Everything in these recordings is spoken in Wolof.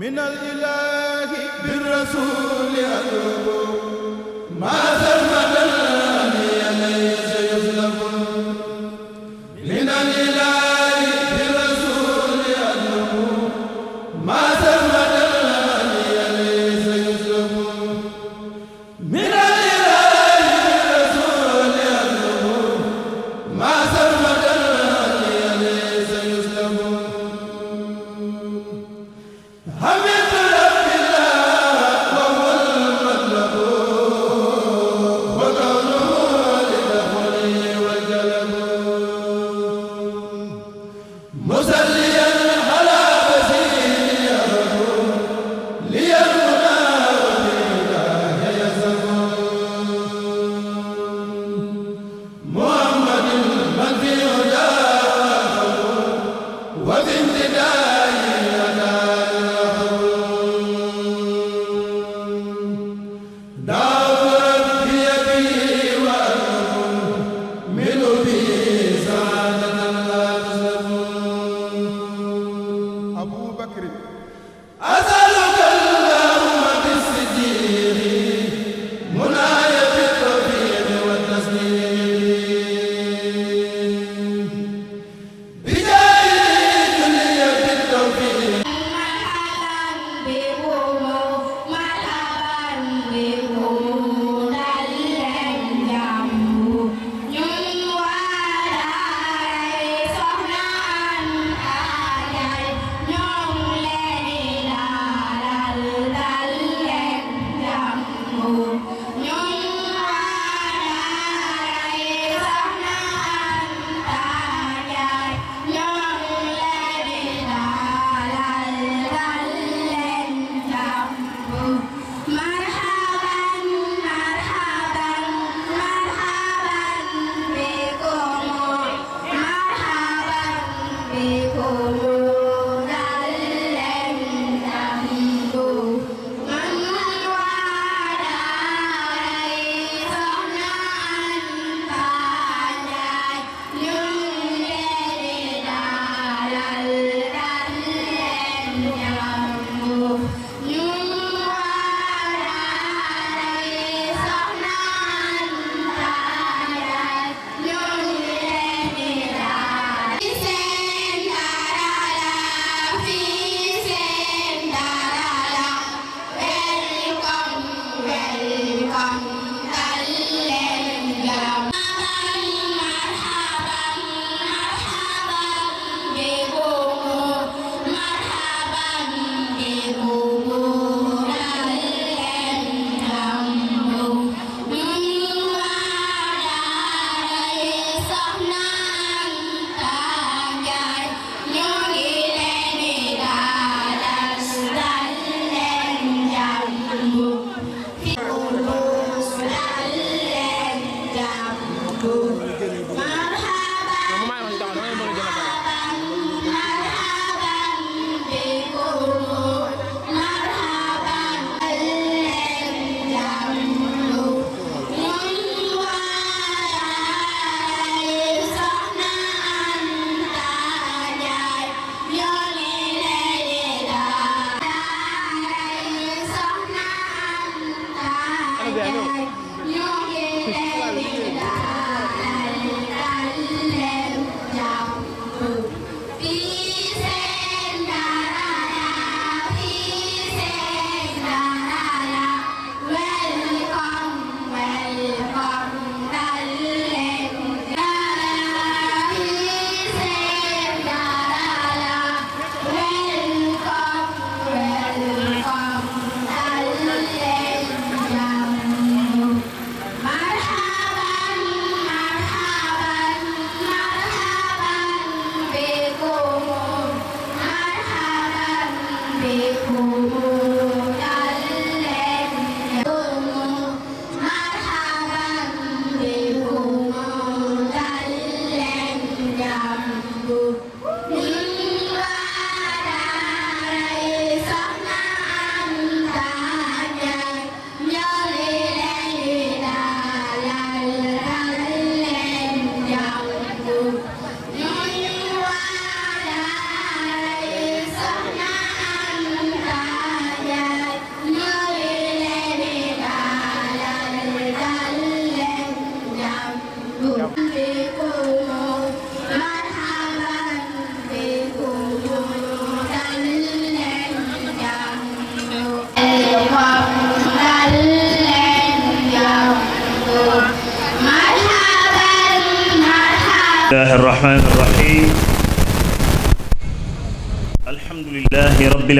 min al ilaahi bi rasuuli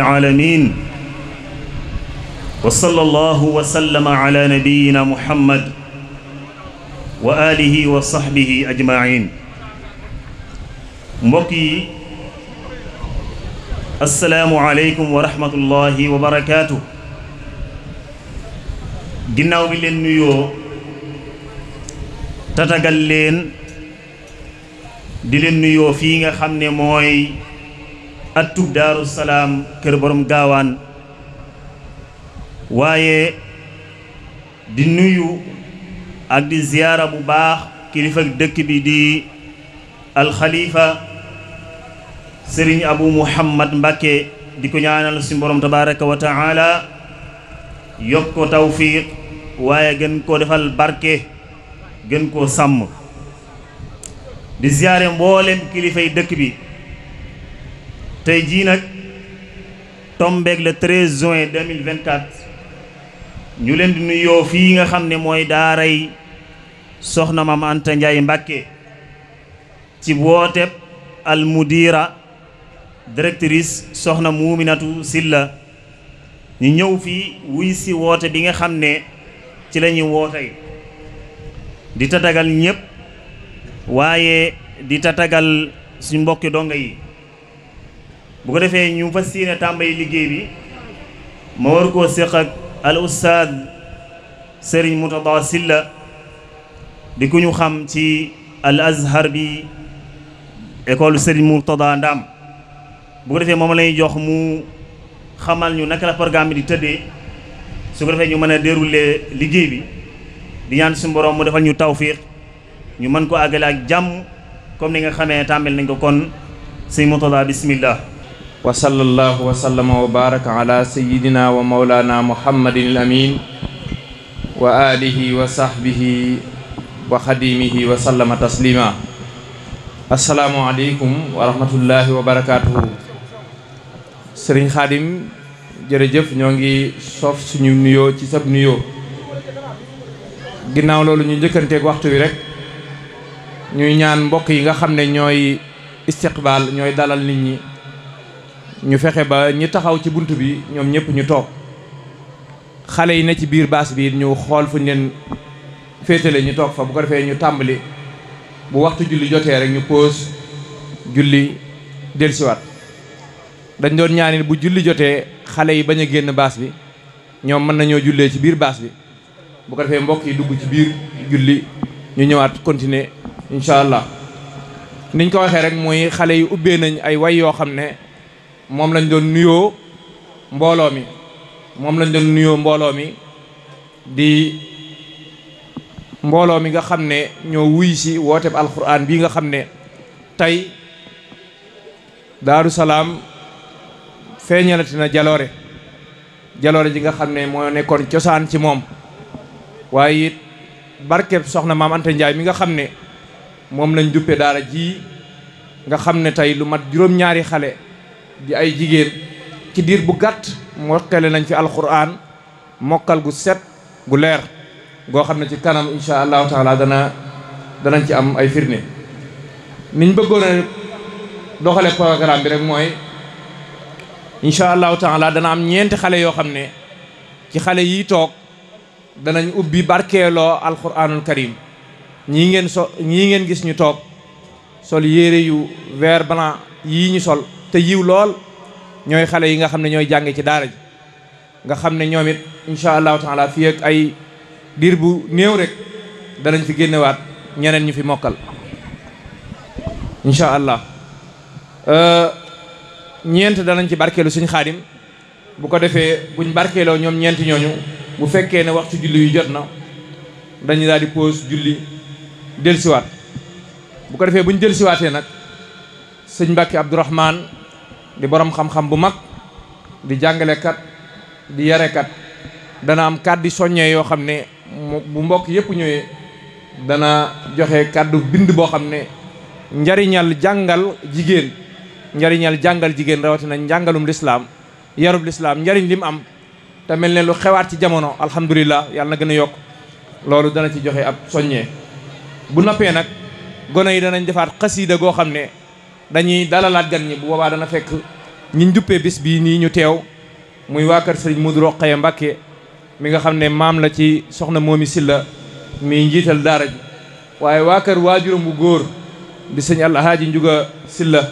العالمين وصلى الله وسلم على نبينا محمد وآله وصحبه أجمعين mbokk yi asalaamualeykum wa rahmatullahi wa barakaatu ginnaaw bi leen nuyoo tatagal leen di leen nuyoo fii nga xam ne mooy at daaru salaam kër borom gaawaan waaye di nuyu ak di ziyaara bu baax kilifa dëkk bi di alxaliifa sëriñ abu muhammad mbakke di ko ñaanal ci borom tabaraka wa taala yokk ko waaye gën koo defal barke gën koo sàmm di ziyaare mboolem kilifay dëkk bi tey jii nag tombeeg le 13 juin 2024 ñu leen di nuyoo fii nga xam ne mooy daaray soxna Maam Anta Ndiaye Mbàkke ci wooteb al mudira directrice soxna Muuminatu Silla ñu ñëw fii wuy si woote bi nga xam ne ci la ñuy wootey di tatagal ñépp waaye di tatagal suñ mbokki donga yi bu ko defee ñu fas yéene tàmbali liggéey bi ma war koo séq ak al ustaad sëriñ Murtada Silla di ku ñu xam ci al azhar bi école sëriñ Murtada Ndaam bu ko defee moom lay jox mu xamal ñu naka la programme bi di tëddee su ko defee ñu mën a dérouler liggéey bi di ñaan suñu borom mu defal ñu tawfiq ñu mën ko àggale ak jàmm comme ni nga xamee tàmbali nañ ko kon sëriñ Murtada bismillah wa sallallahu wa sallama wa baraka ala sayyidina wa mawlana muhammadin al amin wa alihi wa sahbihi wa xadimihi wa sallama taslima assalaamu aleykum wa rahmatullahi wa barakaatuhu sëriñ xaadim jërëjëf ñoo ngi soof suñu nuyoo ci sab nuyoo ginnaaw loolu ñu njëkkanteeg waxtu wi rek ñuy ñaan mbokk yi nga xam ne ñooy istiqbaal ñooy dalal nit ñi ñu fexe ba ñu taxaw ci bunt bi ñoom ñëpp ñu toog xale yi ne ci biir baas bi ñu xool fu ñu leen féetale ñu toog fa bu ko defee ñu tàmbali bu waxtu julli jotee rek ñu pause julli dellusiwaat dañ doon ñaanit bu julli jotee xale yi bañ a génn baas bi ñoom mën nañoo jullee ci biir baas bi bu ko defee mbokk yi dugg ci biir julli ñu ñëwaat continuer incha allah niñ ko waxee rek mooy xale yi ubbee nañ ay way yoo xam ne moom lañ doon nuyoo mbooloo mi moom lañ doon nuyoo mbooloo mi di mbooloo mi nga xam ne ñoo wuy si wooteb alxuraan bii nga xam ne tey daaru salaam feeñalati na jaloore jaloore ji nga xam ne moo nekkoon cosaan ci moom waaye it barkeb soxna maam Anta Ndiaye mi nga xam ne moom lañ duppe daara ji nga xam ne tey lu mat juróom-ñaari xale di ay jigéen ci diir bu gàtt mokkale nañ fi alquran mokkal gu set gu leer goo xam ne ci kanam incha allahu taala dana danañ ci am ay firnde niñ bëggoon a doxale programme bi rek mooy incha allahu taala dana am ñeenti xale yoo xam ne ci xale yi toog danañ ubbi barkeeloo alquranul karim ñii ngeen so ñii ngeen gis ñu toog sol yére yu vert blanc yii ñu sol te yiw lool ñooy xale yi nga xam ne ñooy jànge ci daara ji nga xam ne ñoom it incha allahu taala fii ak ay diir bu néew rek danañ fi génnewaat ñeneen ñu fi mokkal incha allah euh, ñeent danañ ci barkeelu suñ xaadim bu ko defee buñ barkeeloo ñoom ñeenti ñooñu bu fekkee ne waxtu julli yu jot na dañu daal di pause julli dellusiwaat bu ko defee buñ dellusiwaatee nag sëñ Mbàkke Abdourahman di borom xam-xam bu mag di kat di yarekat dana am kàddi soññee yoo xam ne bu mbokk yépp ñëwee dana joxe kàddu bind boo xam ne njariñal jàngal jigéen njariñal jàngal jigéen rawatina njàngalum lislaam yarub lislaam njariñ lim am te mel ne lu xewaat ci jamono alhamdulilah yàlla na gën a yokk loolu dana ci joxe ab soññee bu noppee nag gone yi danañ defaat xasiida goo xam ne dañuy dalalaat gan ñi bu boobaa dana fekk ñiñ duppee bis bii nii ñu teew muy waa kër sëriñ Modou Rokhaya Mbacké mi nga xam ne maam la ci soxna Momi Silla mi njiital daara ji waaye waa kër waajuram bu góor bi sëñ Alhaaji Njuga Silla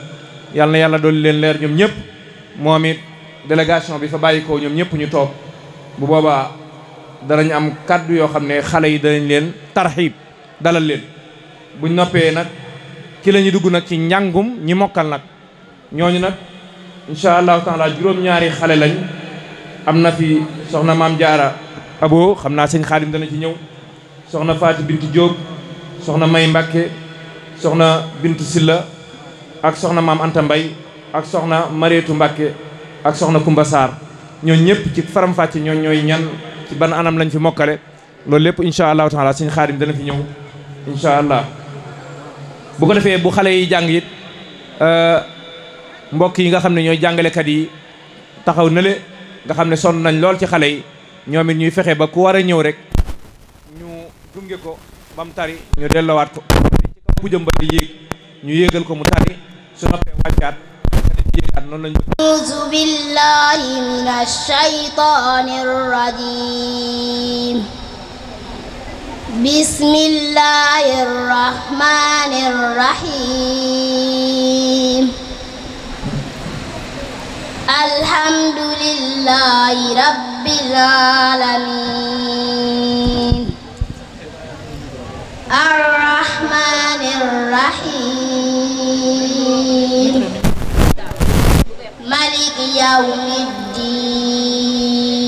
yàlla na yàlla dolli leen leer ñoom ñëpp moom it délégation bi fa bàyyi ko ñoom ñëpp ñu toog bu boobaa danañ am kàddu yoo xam ne xale yi danañ leen tarxiib dalal leen buñ noppee nag ci la ñuy dugg nag ci njàngum ñi mokkal nag ñooñu nag incha allahu taala juróom-ñaari xale lañ am na fi soxna maam jaara abo xam naa sëñ xaadim dana ci ñëw soxna faati bint Diop soxna may Mbacke soxna bint silla ak soxna maam anta mbay ak soxna mareetu mbakke ak soxna kumba saar ñooñ ñëpp ci faram-fàcce ñooñ ñooy ñan ci ban anam lañ fi mokkale loolu lépp incha allahu taala sëñ xaadim dana fi ñëw incha allah bu ko defee bu xale yi jàng it euh, mbokk yi nga xam ne ñooy jàngalekat yi taxaw na le nga xam ne sonn nañ lool ci xale yi ñoom it ñuy fexe ba ku war a ñëw rek ñu gunge ko ba mu tari ñu dellowaat ko bu jëm ba ñu yéegal ko mu tari su noppee wàccaat yéegaat noonu lañ auzu billahi minash shaytanir rajim بسم الله الرحمن الرحيم الحمد لله رب العالمين الرحمن الرحيم ملك يوم الدين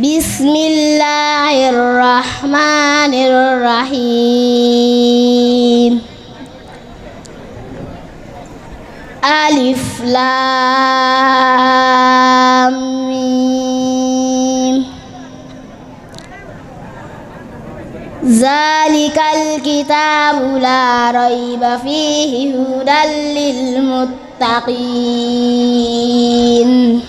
bismillahir rahmanir rahim alif lam mim zalikal kitabu la rayba fihi hudan lil muttaqin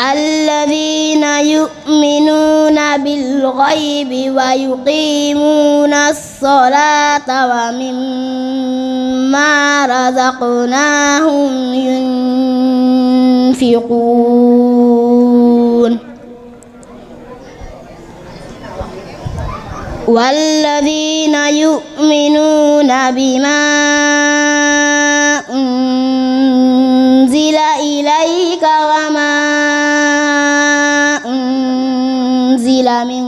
الذين يؤمنون بالغيب ويقيمون الصلاة ومما رزقناهم ينفقون والذين يؤمنون بما أنزل إليك وما أنزل من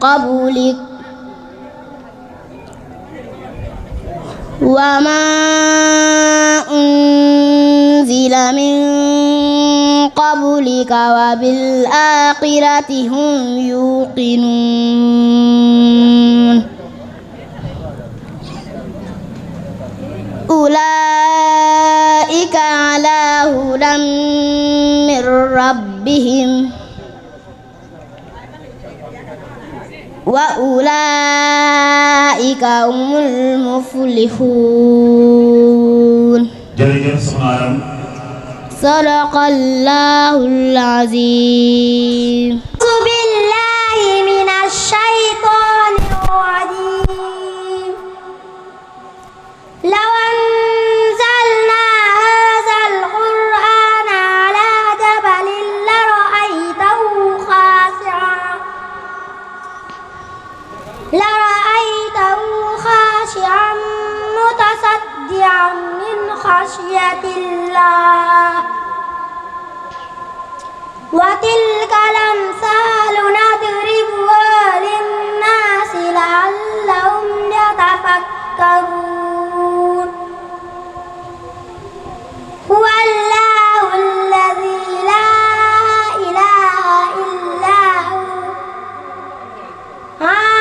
قبلك وما أنزل من قبلك وبالآخرة هم يوقنون أولئك على هدى من ربهم وأولئك هم المفلحون صدق الله العظيم أعوذ بالله من الشيطان الرجيم لو أنزلنا لرأيته خاشعا متصدعا من خشية الله وتلك الأمثال نضربها للناس لعلهم يتفكرون هو الله الذي لا إله إلا هو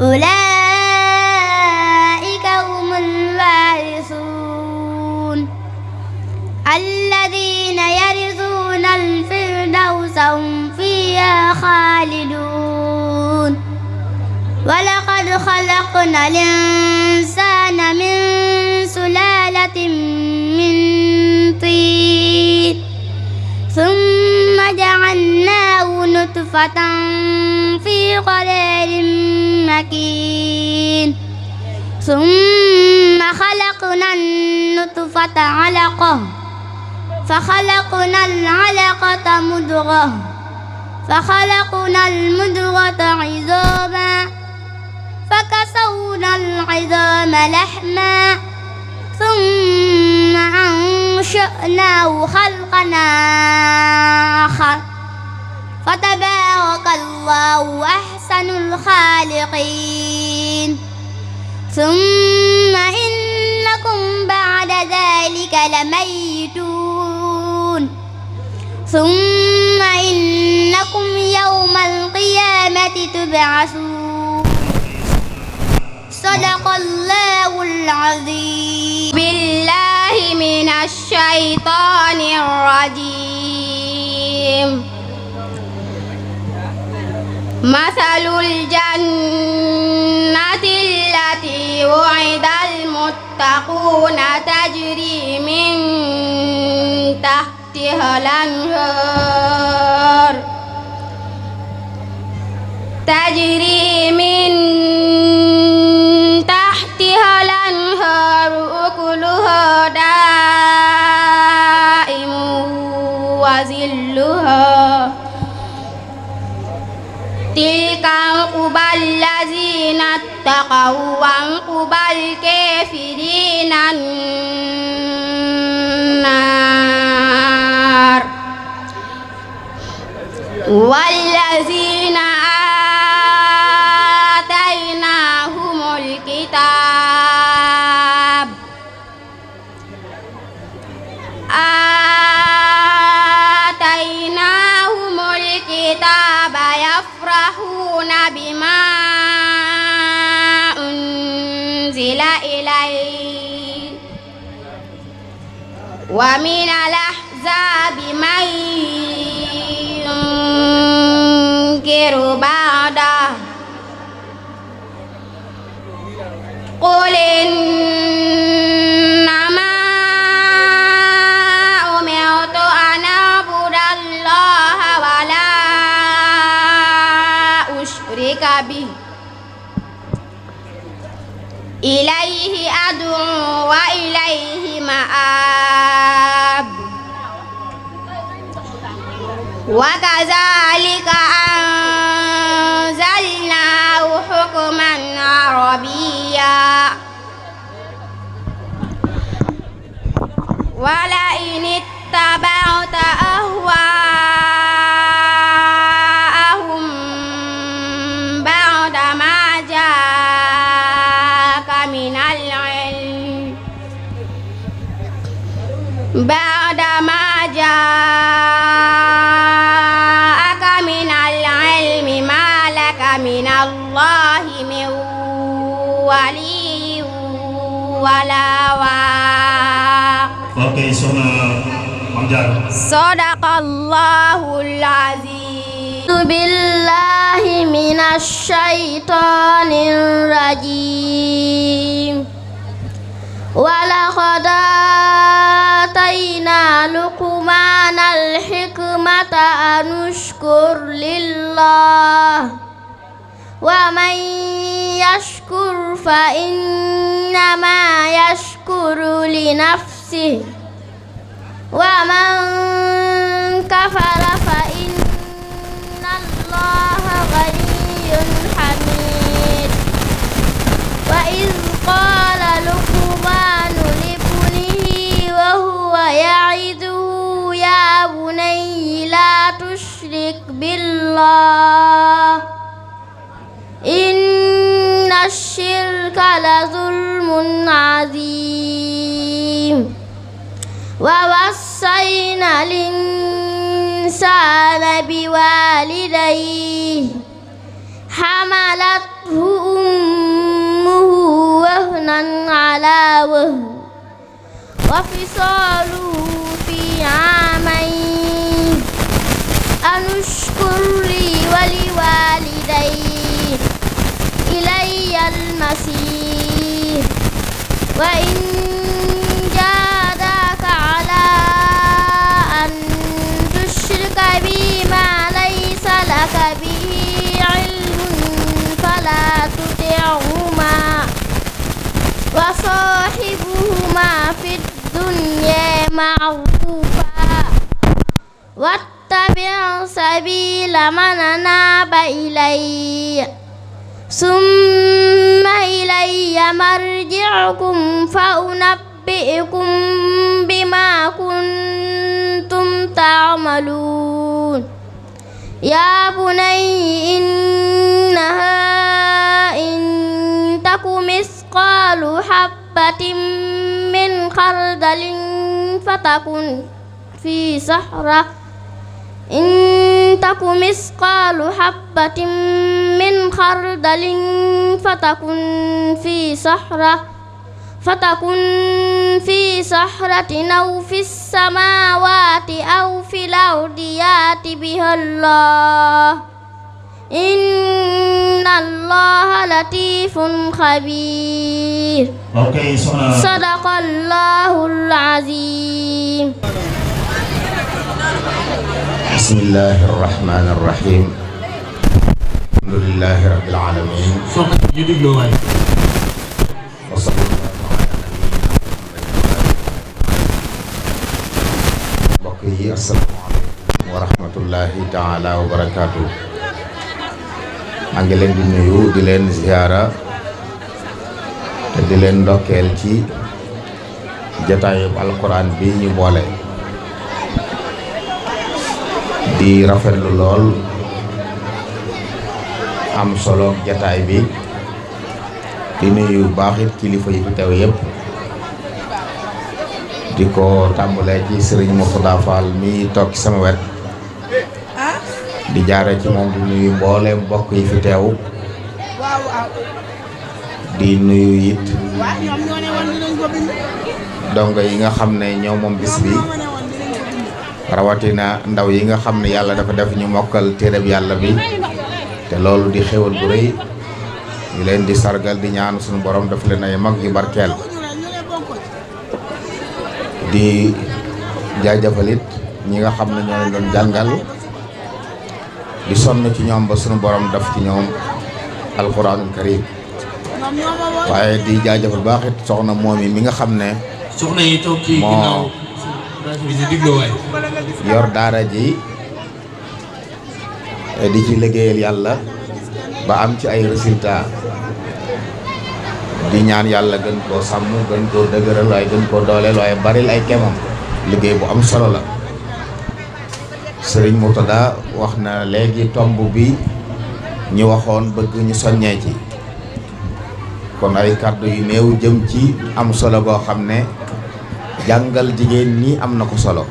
أولئك هم الوارثون الذين يرثون الفردوس هم فيها خالدون ولقد خلقنا الإنسان من سلالة من طين ثم جعلناه نطفة مكين ثم خلقنا النطفة علقة فخلقنا العلقة مدغة فخلقنا المدغة عظاما فكسونا العظام لحما ثم أنشأناه خلقنا آخر فتبارك الله أحسن أحسن الخالقين ثم إنكم بعد ذلك لميتون ثم إنكم يوم القيامة تبعثون صدق الله العظيم بالله من الشيطان الرجيم مثل الجنة التي وعد المتقون تجري من تحتها الأنهار تجري من تحتها الأنهار أكلها دائم وظلها تلك عقبى الذين اتقوا وعقبى الكافرين النار والذين آمنوا ومن الأحزاب من ينكر بعضه قل إنما أمرت أن أعبد الله ولا أشرك به إليه أدعو وإليه وكذلك أنزلناه حكما عربيا ولئن اتبعت أهواءهم sadaqallahul aziim. a'uuzu billaahi minash shaytaanir rajiim. walaqad aataynaa luqmaanal hikmata an ushkur lillaah. ومن يشكر فإنما يشكر لنفسه ومن كفر فإن الله غني حميد وإذ قال لقمان لابنه وهو يعظه يا بني لا تشرك بالله إن الشرك لظلم عظيم ووصينا الإنسان بوالديه حملته أمه وهنا على وهن وفصاله في عامين أن اشكر لي ولوالديك إلي المصير وإن وصاحبهما في الدنيا معروفا واتبع سبيل من أناب إلي ثم إلي مرجعكم فأنبئكم بما كنتم تعملون يا بني إنها إن تك مثل مثقال حبة من خردل فتكن في صحراء إن تك مثقال حبة من خردل فتكن في صحراء فتكن في صحرة أو في السماوات أو في الأرض يأت بها الله inna allaha latifun xabir okay soxna sadaqallahul azim bismillahi rahmani rahim alhamdulillahi rabbil alamin ñu diglo waay mbokk yi asalaamaaleykum wa rahmatullahi taala wa barakaatuh maa leen di nuyu di leen ziara te di leen ndokkeel ci jataayub alquran bi ñu boole di rafetlu lool am solo jataay bi di nuyu baaxit kilifa yi fi teew yépp di ko tàmbalee ci sëriñ Mourtada mi toog ci sama wet di jaare ci moom di nuyu mbooleem mbokk yi fi teew di nuyu it dongo yi nga xam ne ñoo moom bis bi rawatina ndaw yi nga xam ne yàlla dafa def ñu mokkal téereb yàlla bi te loolu di xéwal bu rëy ñu leen di sargal di ñaan suñu borom daf leen ay mag yu barkeel di jaajëfalit ñi nga xam ne ñoo leen doon jàngal di sonn ci ñoom ba sunu borom daf ci ñoom alquranul karim waaye di jaajëfal baax it soxna moom yi mi nga xam ne. soxna moo yor daara ji di ci liggéeyal yàlla ba am ci ay résultats di ñaan yàlla gën koo sàmm gën koo dëgëral waaye gën koo dooleel waaye baril ay kemam liggéey bu am solo la. sëriñ Mourtada wax na léegi tomb bi ñu waxoon bëgg ñu soññee ci kon ay kàddu yu néew jëm ci am solo goo xam ne jàngal jigéen ñi am na ko solo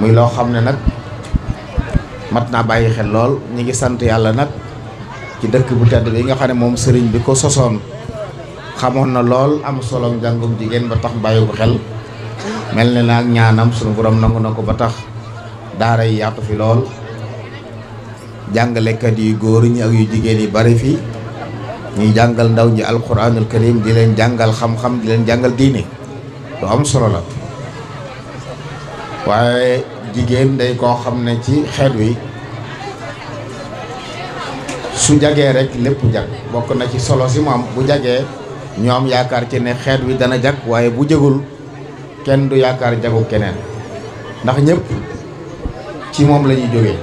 muy loo xam ne nag mat naa bàyyi xel lool ñu ngi sant yàlla nag ci dëkk bu tedd bi nga xam ne moom sëriñ bi ko sosoon xamoon na lool am solo njàngum jigéen ba tax bàyyi ko xel mel na naag ñaanam suñu borom nangu na ko ba tax daara yi yaatu fi lool jàngalekat yu góor ñi ak yu jigéen yi bari fi ñuy jàngal ndaw ñi alquranul karim di leen jàngal xam-xam di leen jàngal diine lu am solo la waaye jigéen day koo xam ne ci xeet wi su jagee rek lépp jag bokk na ci solo si moom bu jagee ñoom yaakaar ci ne xeet wi dana jag waaye bu jëgul kenn du yaakaar jagu keneen ndax ñépp ci moom lañuy jóge jógee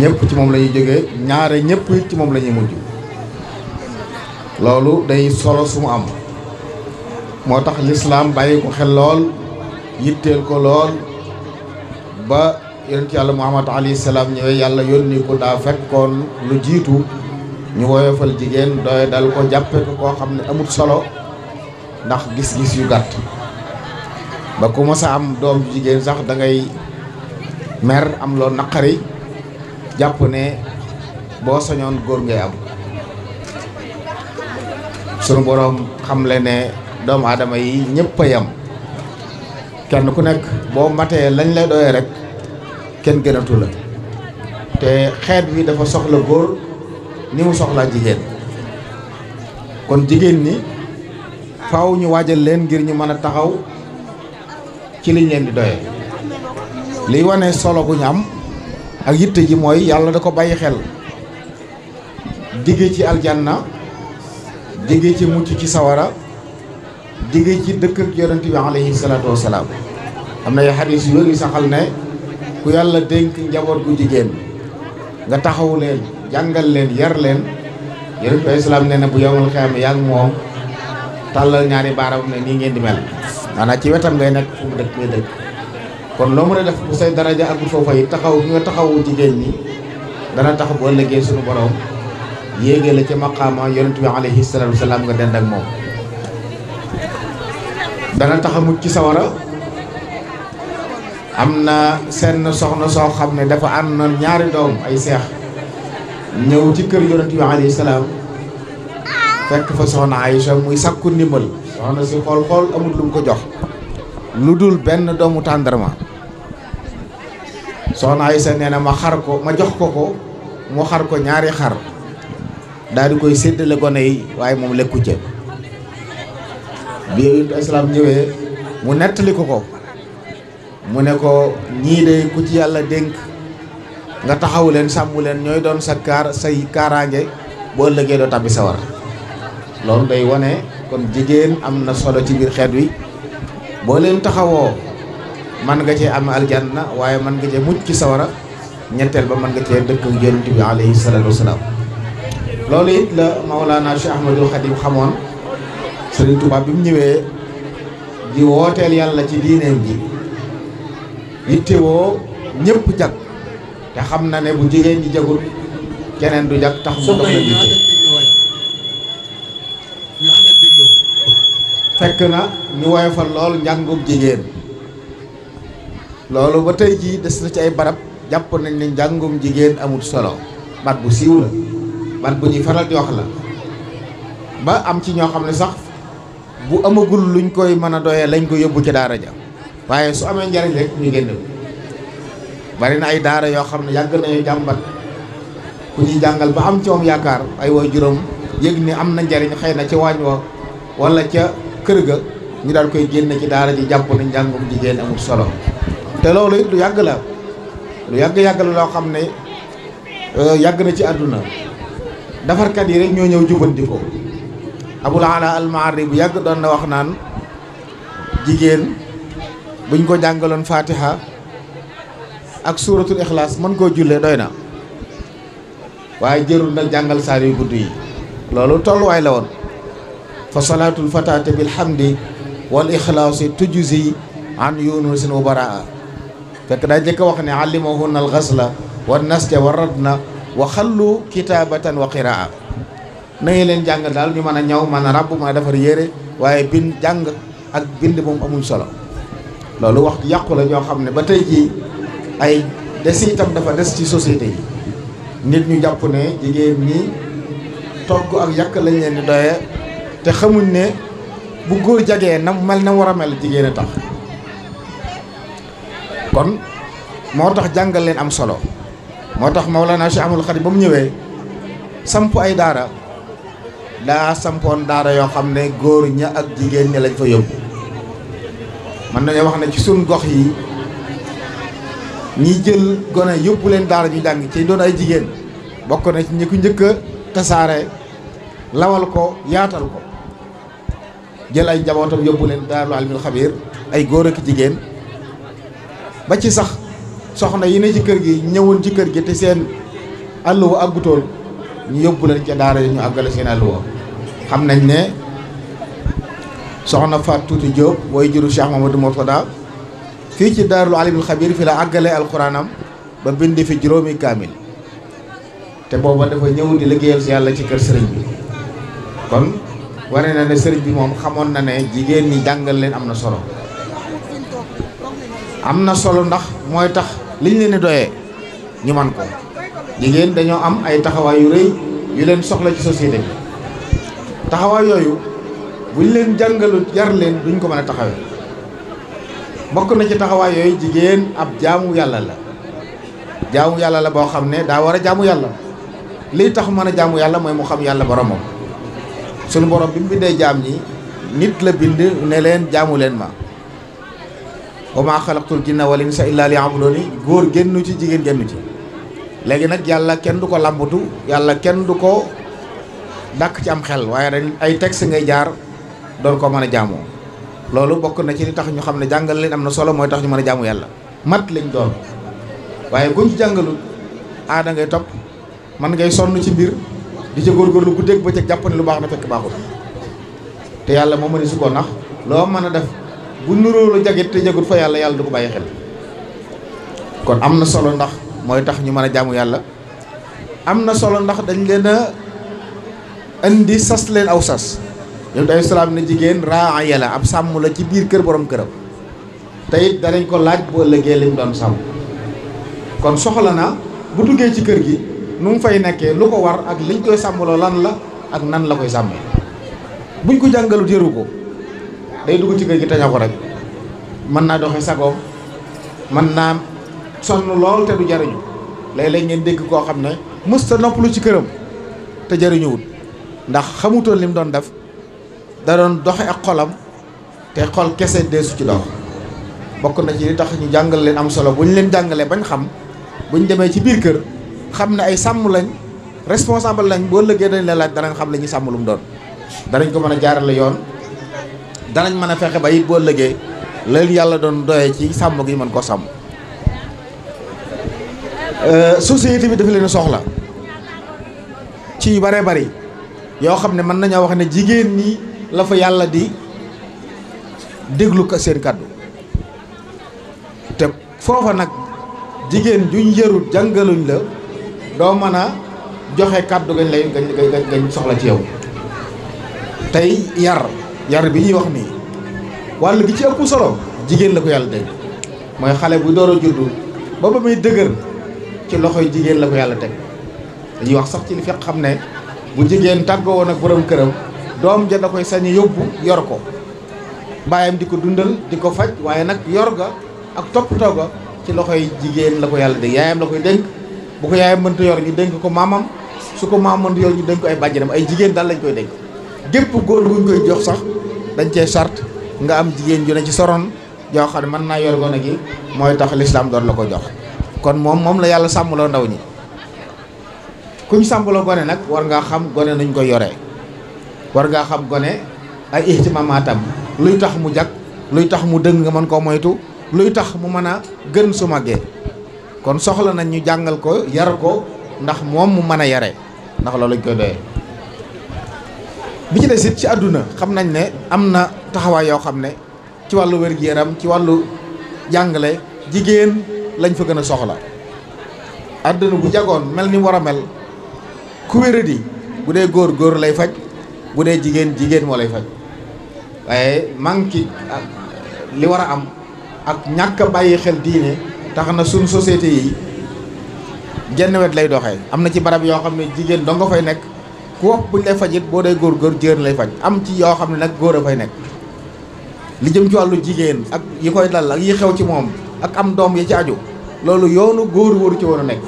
ñëpp ci moom lañuy ñuy ñaare ñëpp ci moom la ñuy mujj loolu day solo su mu am moo tax lislaam bàyyi ko xel lool yitteel ko lool ba yonent yàlla muhammad alayhi salaam ñëwee yàlla yónni ko daa fekkoon lu jiitu ñu woyofal jigéen doy dal ko jàppe ko koo xam ne amut solo ndax gis-gis yu gàtt ba ku mës am doom jigéen sax dangay ngay mer am loo naqari jàpp ne boo soñoon góor ngay am sunu boroom xam le ne doomu aadama yi ñëpp a yam kenn ku nekk boo matee lañ lay doyee rek kenn gënatu la te xeet wi dafa soxla góor ni mu soxlaa jigéen kon jigéen ñi faaw ñu waajal leen ngir ñu mën a taxaw ci liñ leen di doye liy wane solo bu ñu ak yitte ji mooy yàlla da ko bàyyi xel digge ci aljanna digge ci mucc ci sawara digge ci dëkk ak yonent bi alayhi salaatu wasalaam am na ay xadis yu wér saxal ne ku yàlla dénk njaboot gu jigéen nga taxaw leen jàngal leen yar leen yonent bi alayhi salaam bu yowmal xiyaama yaa moom tàllal ñaari baaraam ne nii ngeen di mel maanaam ci wetam ngay nekk fu mu dëkk ngay dëkk kon loo mën a def bu say daraja ak foofa yi taxaw bi nga taxawu jigéen ñi dana tax boo ëllëgee suñu borom yéegee la ca maqaama yonent bi alayhi nga dend ak moom dana tax a mucc ci sawara am na seen soxna soo xam ne dafa ànd na ñaari doom ay seex ñëw ci kër yonent bi alayhi fekk fa soxna Aïcha muy sàkku ndimbal soxna si xool-xool amut lu mu ko jox lu dul benn doomu tàndarma soxna Aïcha nee na ma xar ko ma jox ko ko mu xar ko ñaari xar daal di koy séddale gone yi waaye moom lekku ca bi yonent islaam ñëwee mu nettali ko ko mu ne ko ñii de ku ci yàlla dénk nga taxawu leen sàmm leen ñooy doon sa kaar say kaaraange boo ëllëgee doo tàbbi sawar loolu day wane kon jigéen am na solo ci biir xeet wi boo leen taxawoo man nga cee am na waaye mën nga cee mucc ci sawara ñetteel ba mën nga cee dëkk yonent bi alayhi salaatu wasalaam loolu it la Maolana Cheikh Ahmadul Xadim xamoon Serigne Touba bi mu ñëwee di wooteel yàlla ci diineem ji yittewoo ñépp jag te xam na ne bu jigéen ñi jagul keneen du jag tax mu dox la yitte fekk na ñu woyofal lool njàngum jigéen loolu ba tey jii des na ci ay barab jàpp nañ ne njàngum jigéen amul solo bat bu siiw la bat bu ñuy faral di wax la ba am ci ñoo xam ne sax bu amagul luñ koy mën a doyee lañ ko yóbbu ci daara ja waaye su amee njariñ rek ñu génn bari na ay daara yoo xam ne yàgg nañu jàmbat ku ñuy jàngal ba am ci moom yaakaar ay waajuram yëg ni am na njariñ xëy na ci waañ wa wala ca kër ga ñu daal koy génne ci daara ji jàpp nañ njàngum jigéen amul solo te loolu it lu yàgg la lu yàgg-yàgg la loo xam ne euh, yàgg na ci àdduna defarkat yi rek ñoo ñëw jubanti ko abul ala almaari bu yàgg doon na wax naan jigéen buñ ko jàngaloon fatiha ak suuratul ixlaas mën koo jullee doy na waaye jërul na jàngal saar yu gudd yi loolu tolluwaay lawoon fa salaatul fataate bilhamdi wal ixlaasi tujuzi an yunusin wa baraa fekk daa njëkk a wax ne allimahunna alxasla wa nasja wa radna wa xallu kitaabatan wa qiraa na ngeen leen jàng daal ñu mën a ñaw mën ràbbu ràbb defar yére waaye bind jàng ak bind moom amuñ solo loolu wax yàqu la ñoo xam ne ba tey jii ay des itam dafa des ci société yi nit ñu jàpp ne jigéen ñi togg ak yàq lañ leen di doyee te xamuñ ne bu góor jagee na mel na war a mel jigéen a tax kon moo tax jàngal leen am solo moo tax Mawlana Cheikh Ahmadou Khadim ba mu ñëwee samp ay daara daa sampoon daara yoo xam ne góor ña ak jigéen ña lañ fa yóbbu mën nañoo wax ne ci suñ gox yi ñi jël gone yóbbu leen daara ñu jàng ci doon ay jigéen bokk na ci ñi ku njëkk tasaare lawal ko yaatal ko jël ay njabootam yóbbu leen daaru alimul xabiir ay góor ak jigéen ba ci sax soxna yi ne ci kër gi ñëwoon ci kër gi te seen àlluwa àggutoon ñu yóbbu leen ca daara yi ñu àggale seen àlluwa xam nañ ne soxna Fatou Tuuti Diop wooy juru Cheikh Mamadou Mortada fii ci daarul alimul xabiir fi la àggale alxuraanam ba bindi fi juróomi kaamil te booba dafa ñëw di liggéeyal si yàlla ci kër sëriñ bi kon wane na ne sëriñ bi moom xamoon na ne jigéen ñi jàngal leen am na solo am na solo ndax mooy tax liñ leen di doye ñu man ko jigéen dañoo am ay taxawaay yu rëy yu leen soxla ci société bi taxawaay yooyu buñ leen jàngalu yar leen duñ ko mën a taxawee bokk na ci taxawaay yooyu jigéen ab jaamu yàlla la jaamu yàlla la boo xam ne daa war a jaamu yàlla liy tax mën a jaamu yàlla mooy mu xam yàlla boromam suñu borom bi mu bindee jaam ñi nit la bind ne leen jaamu leen ma wa maa xalaqtul sa illaal insa illa liya'buduni góor génnu ci jigéen génnu ci léegi nag yàlla kenn du ko làmbatu yàlla kenn du ko dàkk ci am xel waaye dañ ay si ngay jaar doon ko mën a jaamoo loolu bokk na ci li tax ñu xam ne jàngal leen am na solo mooy tax ñu mën a jaamu yàlla mat lañ doon waaye guñ ci jàngalul aada ngay topp man ngay sonn ci mbir di ca góorgóorlu guddeeg bëccëg jàpp ne lu baax na fekk baaxul te yàlla moom ma ne su ko nax loo mën a def bu nuróolu jagit te jagut fa yàlla yàlla du ko bàyyi xel kon am na solo ndax mooy tax ñu mën a jàmm yàlla am na solo ndax dañ leen a indi sas leen aw sas yonent ay salaam ne jigéen raa yàlla ab sàmm la ci biir kër borom këram tey it ko laaj bu ëllëgee liñ doon sàmm kon soxla na bu duggee ci kër gi nu mu fay nekkee lu ko war ak liñ koy sàmmaloo lan la ak nan la koy sàmmee buñ ko jàngalut yëru ko day dugg ci kër gi taña ko rek mën naa doxe sagoom mën naa sonn lool te du jariñu léeg-léeg ngeen dégg koo xam ne mës ta noppalu ci këram te jariñuwul ndax xamutoo li doon def da doon doxe ak xolam te xol kese deesu ci dox bokk na ci li tax ñu jàngal leen am solo bu ñu leen jàngalee bañ xam bu ñu demee ci biir kër xam ne ay sàmm lañ responsable lañ boo lëggee dañ la laaj danañ xam la ñuy sàmm lu doon danañ ko mën a jaarale yoon danañ mën a fexe ba it boo lëggee leen yàlla doon doye ci sàmm gi mën koo sàmm euh, société bi dafa leen soxla ci yu bare bari yoo xam ne mën nañoo wax ne jigéen ñi la fa yàlla di déglu ko seen kàddu te foofa nag jigéen juñ yërut jàngaluñ la doo mën a joxe kàddu gañ lay gañ gañ soxla ci yow tey yar yar bi ñuy wax nii wàll gi ci ëpp solo jigéen la ko yàlla teg mooy xale bu door a juddu ba ba muy dëgër ci loxoy jigéen la ko yàlla teg dañuy wax sax ci li fekk xam ne bu jigéen tàggoo woon ak borom këram doom ja da koy sañ yóbbu yor ko bàyyam di ko dundal di ko faj waaye nag yor ga ak toppatoo ga ci loxo loxoy jigéen la ko yàlla dénk yaayam la koy dénk bu ko yaayam mënta yor ñu dénk ko maamam su ko maam mënta yor ñu dénk ko ay bàjjanam ay jigéen daal lañ koy dénk gépp góor guñ koy jox sax dañ cee charte nga am jigéen ju ne ci soroon joo xam mën naa yor gone gi mooy tax lislaam doon la ko jox kon moom moom la yàlla sàmmaloo ndaw ñi kuñ sàmbaloo gone nag war ngaa xam gone nuñ koy yore war ngaa xam gone ay ihtimamaatam luy tax mu jag luy tax mu dëng nga mën koo moytu luy tax mu mën a gën su màggee kon soxla nañ ñu jàngal ko yar ko ndax moom mu mën a yare ndax loolu koy doyee bi ci des it ci àdduna xam nañ ne am na taxawaay yoo xam ne ci wàllu wér-gu-yaram ci wàllu jàngale jigéen lañ fa gën a soxla àdduna bu jagoon mel ni war a mel ku wéradi bu dee góor góor lay faj bu dee jigéen jigéen moo lay faj waaye manque li war a am ak ñàkk bàyyi xel diine tax na suñu société yi genn wet lay doxee am na ci barab yoo xam ne jigéen dong nga fay nekk ku wax buñ lay fajit boo dee góor góor jéen lay faj am ci yoo xam ne nag góor a fay nekk li jëm ci wàllu jigéen ak yi koy dal ak yi xew ci moom ak am doom yi ci aju loolu yoonu góor waru ci war nekk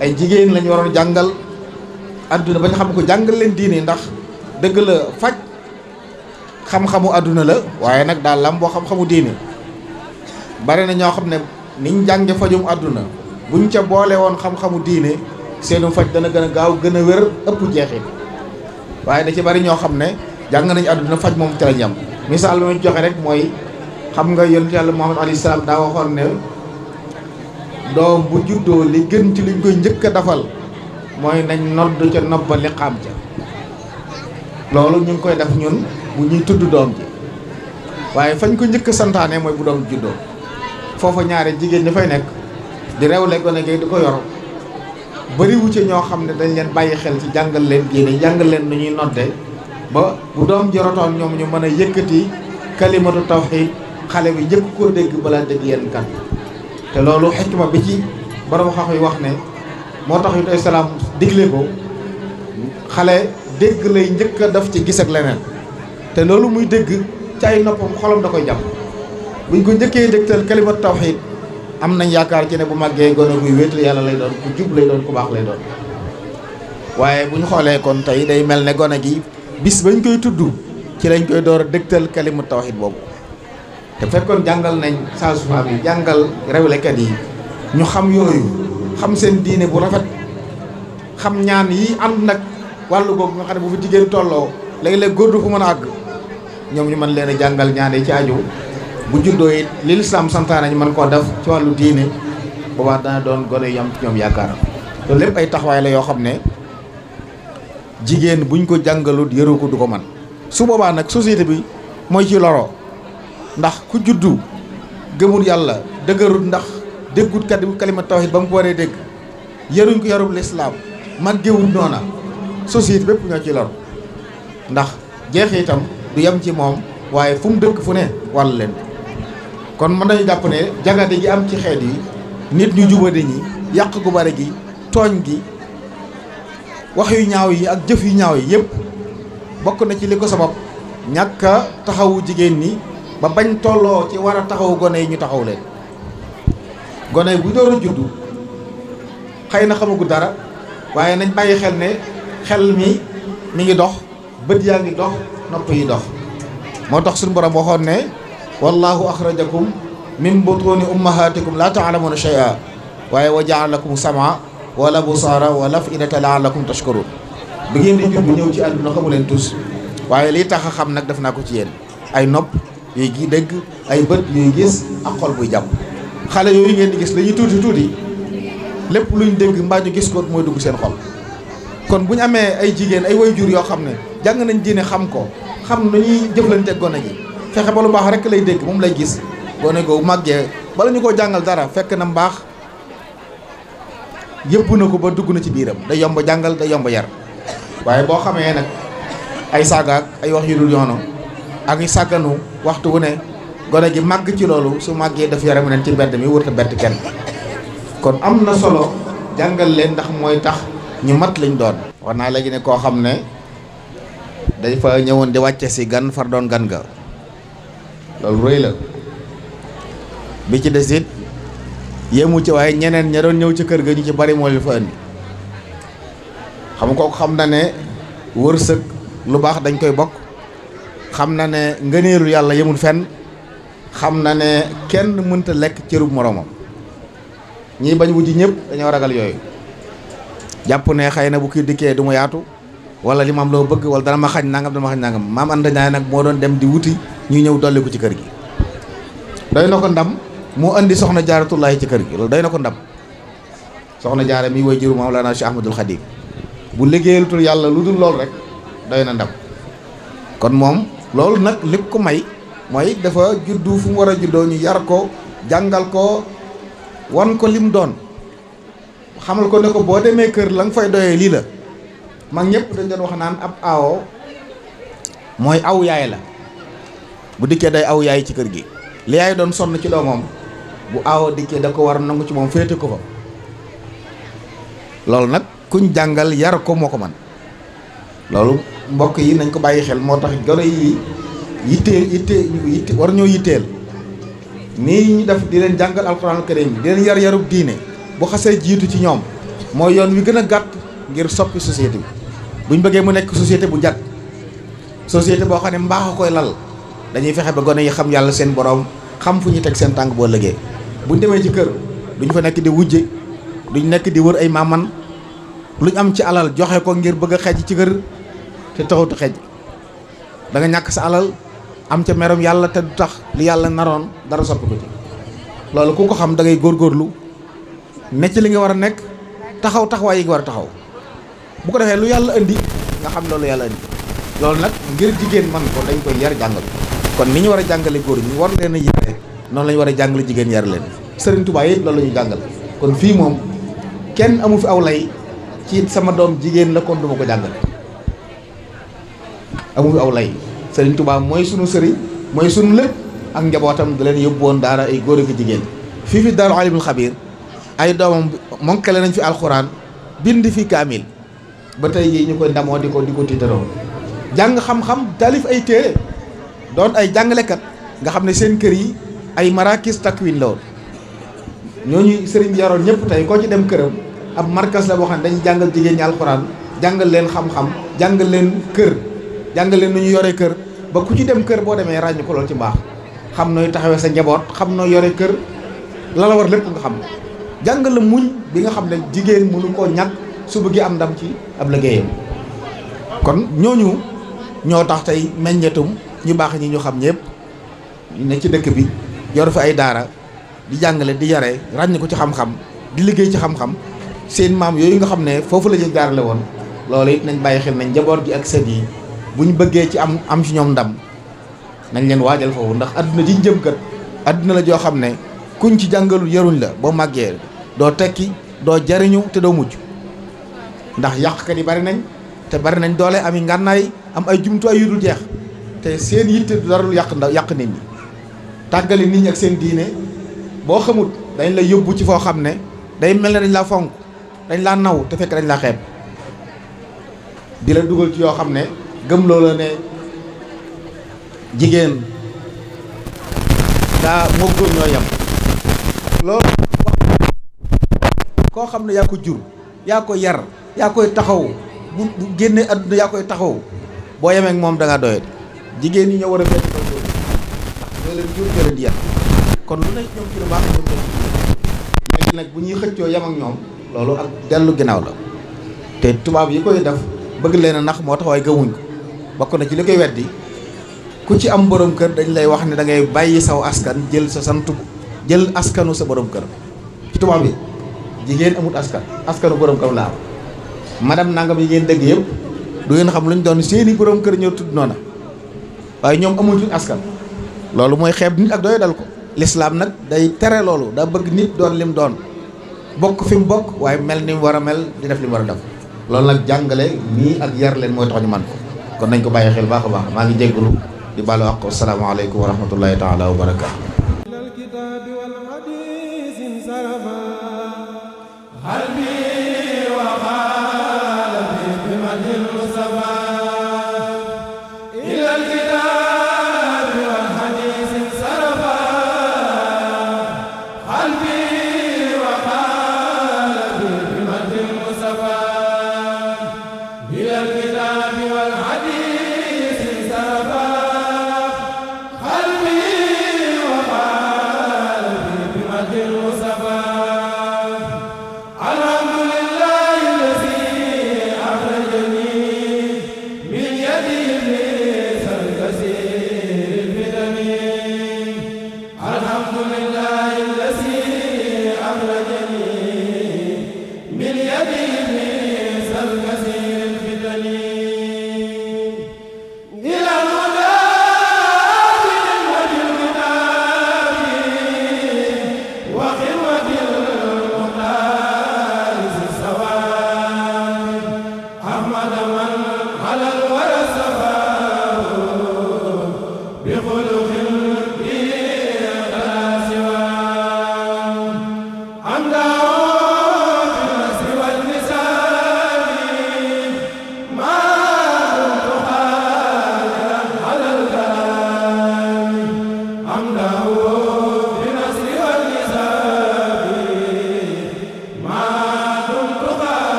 ay jigéen lañu waroon jàngal àdduna ba ñu xam ko jàngal leen diini ndax dëgg la faj xam-xamu adduna la waaye nag daal lam boo xam-xamu diine bare na ñoo xam niñ jànge fajum àdduna buñ ca boole woon xam-xamu diine seenu faj dana gën a gaaw gën a wér ëpp jeexit waaye da ci bari ñoo xam ne jàng nañ àdduna faj moom ci la ñam misaal bi ma joxe rek mooy xam nga yonent yàlla Muhammad alayhi salaam daa waxoon ne doom bu juddoo li gën ci liñ koy njëkk a dafal mooy nañ nodd ca nopp ba liqaam ca loolu ñu ngi koy def ñun bu ñuy tudd doom ji waaye fañ ko njëkk a santaane mooy bu doom juddoo foofa ñaare jigéen ña fay nekk di rewle gone gay di ko yor bariwu ci ñoo xam ne dañu leen bàyyi xel ci jàngal leen diine jàngal leen nu ñuy nodde ba bu doom ji rotoon ñoom ñu mën a yëkkati kalimatu tawxiid xale bi njëkk koo dégg balaa dégg yenn kan te loolu xikma bi ci borom xam yi wax ne moo tax yu day salaam digle ko xale dégg lay njëkk a ci gis ak leneen te loolu muy dégg ci ay noppam xolam da koy jam buñ ko njëkkee dégtal kalimat tawxiid am nañ yaakaar ci ne bu màggee gone guy wéetal yàlla lay doon ku jub lay doon ku baax lay doon waaye bu ñu xoolee kon tey day mel ne gone gi bis bañ koy tudd ci lañ koy door a dégtal kalimat tawxiid boobu te fekkoon jàngal nañ sage-femme yi jàngal rewlekat yi ñu xam yooyu xam seen diine bu rafet xam ñaan yi ànd nag wàllu googu nga xam ne bu fi jigéen tolloo léegi-léeg góor du fu mën a àgg ñoom ñu mën leen a jàngal ñaan ci aju bu juddoo it li lislaam santaane ñu mën koo def ci wàllu diine boobaa dana doon gone yam ci ñoom yaakaaram loolu lépp ay taxawaay la yoo xam ne jigéen buñ ko jàngalut yëru ko du ko man su boobaa nag société bi mooy ci loroo ndax ku juddu gëmul yàlla dëgërut ndax déggut kat kalima tawhid ba mu ko waree dégg yaruñ ko yarub lislaam màggewul noona société bépp ñoo ci lor ndax jeex itam du yem ci moom waaye fu mu dëkk fu ne wàll leen kon mën nañu jàpp ne jagade gi am ci xeet yi nit ñu jubade ñi yàq gu bare gi tooñ gi wax yu ñaaw yi ak jëf yu ñaaw yi yëpp bokk na ci li ko sabab ñàkk taxawu jigéen ñi ba bañ tolloo ci war a taxawu gone yi ñu taxaw leen gone yi bu door a juddu xëy na xamagu dara waaye nañ bàyyi xel ne xel mi mi ngi dox bët yaa ngi dox nopp yi dox moo tax suñu borom waxoon ne wallahu axrajakum min butuuni ummahatikum la taalamuuna shay'a waaye wa jaala lakum sama wala busaara wala afidata laalakum tashkurun bi ngeen di jub ñëw ci àdduna xamu leen tus waaye lii tax a xam nag def naa ko ci yéen ay nopp yuy gi dégg ay bët yuy gis ak xol buy jàpp xale yooyu ngeen di gis la ñuy tuuti tuuti lépp luñ dégg mbaa ñu gis ko mooy dugg seen xol kon bu ñu amee ay jigéen ay woy jur yoo xam ne jàng nañ diine xam ko xam nañuy jëflante gone gi fexe ba lu baax rekk lay dégg moom lay gis gone googu màggee bala ñu koo jàngal dara fekk na mbaax yëpp na ko ba dugg na ci biiram da yomb jàngal da yomb yar waaye boo xamee nag ay saaga ay wax yu dul yoonu ak yu sàgganu waxtu wu ne gone gi màgg ci loolu su màggee daf yaram neen ci mbedd mi wër ta bett kenn kon am na solo jàngal leen ndax mooy tax ñu mat lañ doon war naa léegi ne koo xam ne dañ fa ñëwoon di wàcce si gan far doon gan ga loolu rëy la bi ci des it yéemu ci waaye ñeneen ña doon ñëw ci kër ga ñu ci bari moo leen fa andi xam kooku xam na ne wërsëg lu baax dañ koy bokk xam na ne ngëneelu yàlla yemul fenn xam na ne kenn mënta lekk cërub moroomam ñii bañ wuti ñëpp dañoo ragal yooyu jàpp ne xëy na bu kii dikkee du mu yaatu wala li ma am loo bëgg wala dana ma xaj nangam dana ma xañ nangam maam nag moo doon dem di wuti ñuy ñëw dolli ko ci kër gi doy na ko ndam moo indi soxna jaaratullaahi ci kër gi loolu doy na ko ndam soxna jaara mi way juru Mawlana Cheikh Ahmadul Khadim bu liggéeyalutul yàlla lu dul loolu rek doy na ndam kon moom loolu nag li ko may mooy dafa juddu fu mu war a juddoo ñu yar ko jàngal ko wan ko lim doon xamal ko ne ko boo demee kër la nga fay doyee lii la mag ñëpp dañ doon wax naan ab awo mooy aw yaay la bu dikkee day aw yaay ci kër gi li yaay doon sonn ci doomam bu awo dikkee da ko war a nangu ci moom féete ko fa loolu nag kuñ jàngal yar ko moo ko man loolu mbokk yi nañ ko bàyyi xel moo tax gone yi yitteel yitteel war ñoo yitteel nii ñu def di leen jàngal alxuraanul karim bi leen yar yarub diine bu xasee jiitu ci ñoom mooy yoon wi gën a gàtt ngir soppi société yi bu buñ bëggee mu nekk société bu jag société boo xam ne mbaax a koy lal dañuy fexe ba gone yi xam yàlla seen borom xam fu ñu teg seen tànk boo lëgee buñ demee ci kër duñ fa nekk di wujje ñu nekk di wër ay maaman luñ am ci alal joxe ko ngir bëgg a xej ci kër te taxutu xej da nga ñàkk sa alal am ca merom yàlla te du tax li yàlla naroon dara soppi ko ci loolu ku ko xam da ngay góorgóorlu ne ci li nga war a nekk taxaw taxawaay yi nga war a taxaw bu ko defee lu yàlla indi nga xam loolu yàlla indi loolu nag ngir jigéen man ko dañ koy yar jàngal kon ni ñu war a jàngale góor ñi war leen yi noonu la war a jàngale jigéen yar leen Sëriñ Tuubaa yi loolu la ñu jàngal kon fii moom kenn amu fi aw lay ci sama doom jigéen la kon ko jàngale amu fi Sëriñ Tuubaa mooy sunu sëriñ mooy sunu lépp ak njabootam da leen yóbbuwoon daara ay góor ak jigéen fii fi daaru alimul xabiir ay doomam monkale nañ fi alxuraan bind fi kaamil ba tey jii ñu koy ndamoo di ko di ko tiitaroo jàng xam-xam taalif ay téere doon ay jàngalekat nga xam ne seen kër yi ay marakis takwin la woon ñooñu sëriñ bi yaroon ñëpp tey koo ci dem këram ab markas la boo xam ne dañuy jàngal jigéen ñi alxuraan jàngal leen xam-xam jàngal leen kër jàng leen nu ñu yore kër ba ku ci dem kër boo demee ràññu ko lool ci mbaax xam nooy taxawee sa njaboot xam nooy yore kër la la war lépp nga xam jàngal la muñ bi nga xam ne jigéen mënu koo ñàkk su bëggee am ndam ci ab liggéeyam kon ñooñu ñoo tax tey meññetum ñu baax ñi ñu xam ñëpp ne ci dëkk bi yor fi ay daara di jàngale di yare ràññ ko ci xam-xam di liggéey ci xam-xam seen maam yooyu nga xam ne foofu la ñu jaarale woon loolu it nañ bàyyi xel nañ njaboot gi ak sët yi bu ñu bëggee ci am am ci ñoom ndam nañ leen waajal foofu ndax àdduna ji jëm kat la joo xam ne kuñ ci jàngalul yaruñ la boo màggee doo tekki doo jariñu te doo mujj ndax yàqkat yi bari nañ te bari nañ doole am i ngànnaay am ay jumtuwaay yu dul jeex te seen yitte du dara yàq ndaw yàq nit ñi tàggali nit ñi ak seen diine boo xamut dañ la yóbbu ci foo xam ne day mel ne dañ laa fonk dañ laa naw te fekk dañ laa xeeb di la dugal ci yoo xam ne gëm loo la ne jigéen daa moo góor ñoo yem loolu koo xam ne yaa ko jur yaa ko yar yaa koy taxaw bu bu génnee àdduna yaa koy taxaw boo yemee moom danga nga jigéen ñi ñoo war a fekk ndax ñoo leen jur ñoo lu ne bu ñuy xëccoo yem ak ñoom loolu ak ginnaaw la te tubaab yi bëgg leen a nax moo tax waaye bokk na ci li koy weddi ku ci am borom kër dañ lay wax ne da ngay bàyyi saw askan jël sa santu jël askanu sa borom kër ci yi jigéen amut askan askanu borom kër la am madame nangam yi ngeen dégg yëpp du ngeen xam lu ñu doon seeni borom kër ñoo tudd noona waaye ñoom amuñu askan loolu mooy xeeb nit ak doy dal ko lislaam nag day tere loolu daa bëgg nit doon lim doon bokk fi mu bokk waaye mel ni mu war a mel di def li mu war a def loolu nag jàngale nii ak yar leen mooy tax ñu man ko kon nañ ko bàyyi xel baax a baax maa ngi jégalu di baalu àq asalaamaaleykum wa rahmatullahi taala wa barakaatu الكتاب والحديث انصرفا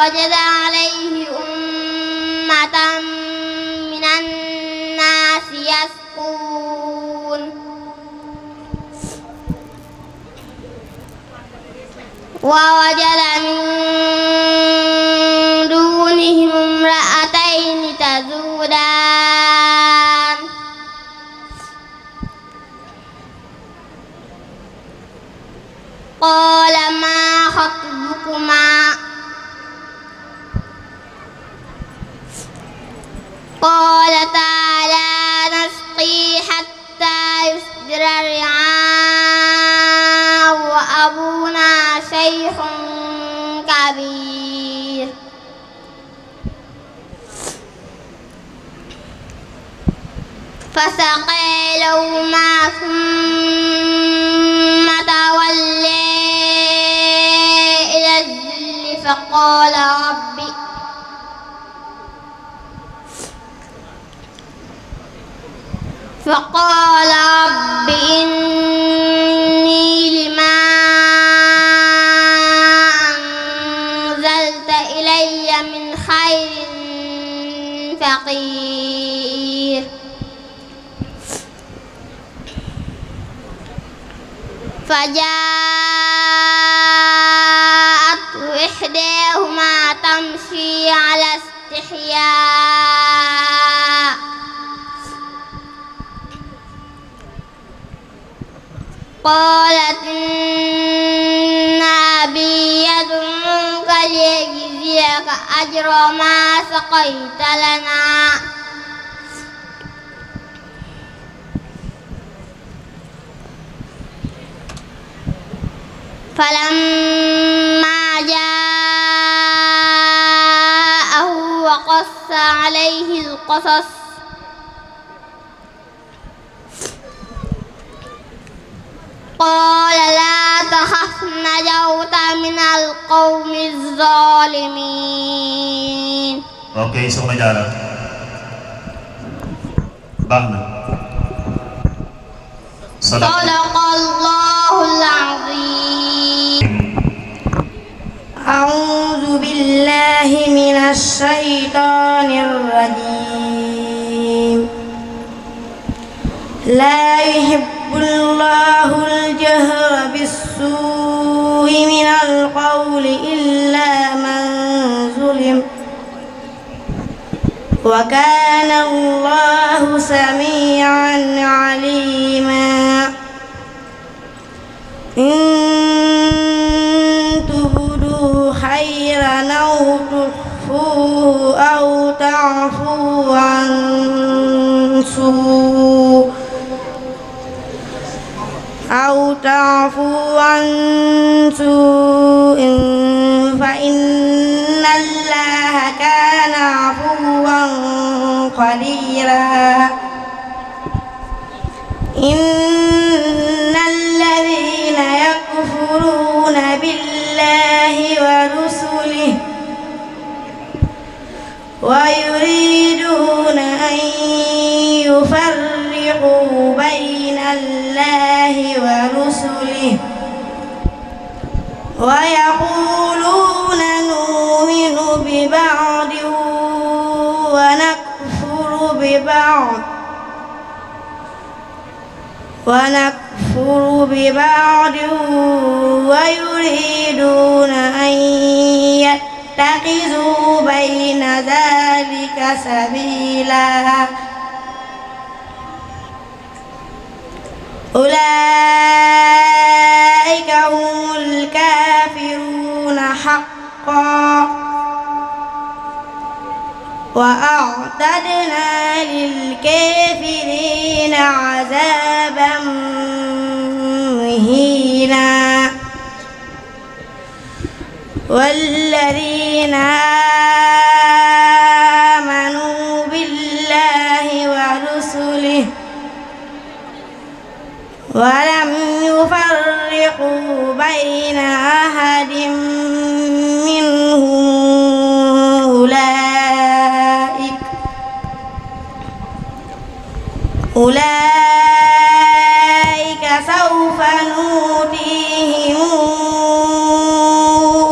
وجد عليه أمة من الناس يسقون ووجد من دونهم امرأتين تذودان قال ما خطبكما قال تعالى نسقي حتى يصدر الرعاء وأبونا شيخ كبير فسقي لهما ثم تولي إلى الذل فقال رب فقال رب إني لما أنزلت إلي من خير فقير فجاءته إحداهما تمشي على استحياء قالت النبي يدعوك ليجزيك أجر ما سقيت لنا فلما جاءه وقص عليه القصص قال لا تخف نجوت من القوم الظالمين ok soxna Jaara baax na sadaqallahul azim أعوذ بالله من الشيطان الرجيم لا يحب الله الجهر بالسوء من القول إلا من ظلم وكان الله سميعا عليما إن تبدوا خيرا أو تخفوه أو تعفو عن سوء أو تعفو عن سوء فإن الله كان عفوا قديرا إن الذين يكفرون بالله ورسله ويريدون أن يفرقوا تفرقوا بين الله ورسله ويقولون نؤمن ببعض ونكفر ببعض ونكفر ببعض ويريدون أن يتخذوا بين ذلك سبيلا أولئك هم الكافرون حقا وأعتدنا للكافرين عذابا مهينا والذين آمنوا ولم يفرقوا بين أحد منهم أولئك أولئك سوف نؤتيهم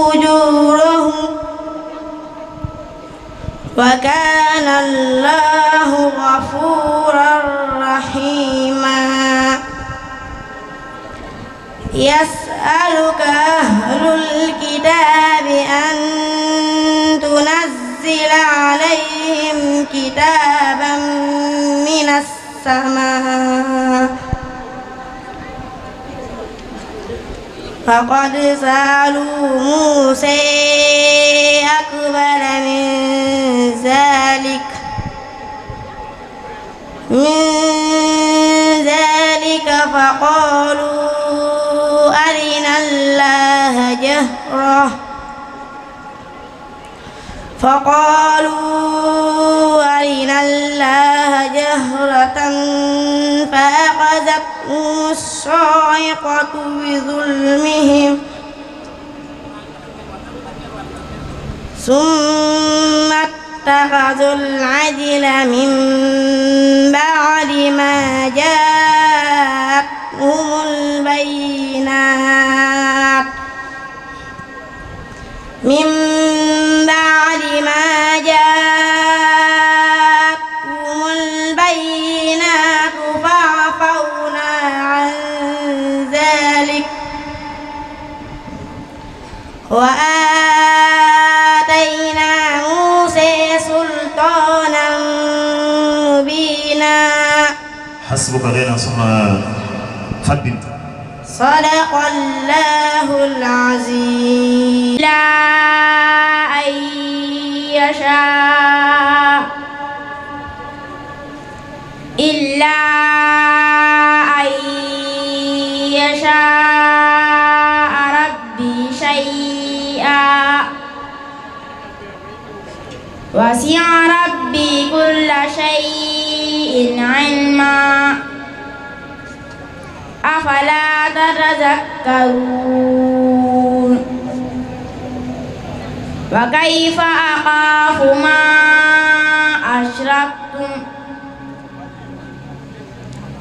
أجورهم وكان الله غفورا رحيما يسألك أهل الكتاب أن تنزل عليهم كتابا من السماء فقد سألوا موسى أكبر من ذلك من ذلك فقالوا أرنا الله جهرة فقالوا أرنا الله جهرة فأخذتهم الصاعقة بظلمهم ثم اتخذوا العجل من بعد ما جاءت جاءتهم البينات من بعد ما جاءتهم البينات فعفونا عن ذلك وآتينا موسى سلطانا مبينا حسبك غير سبحانه فضل صدق الله العظيم لا أن يشاء إلا أن يشاء ربي شيئا وسع ربي كل شيء علما أفلا تتذكرون وكيف أخاف ما أشركتم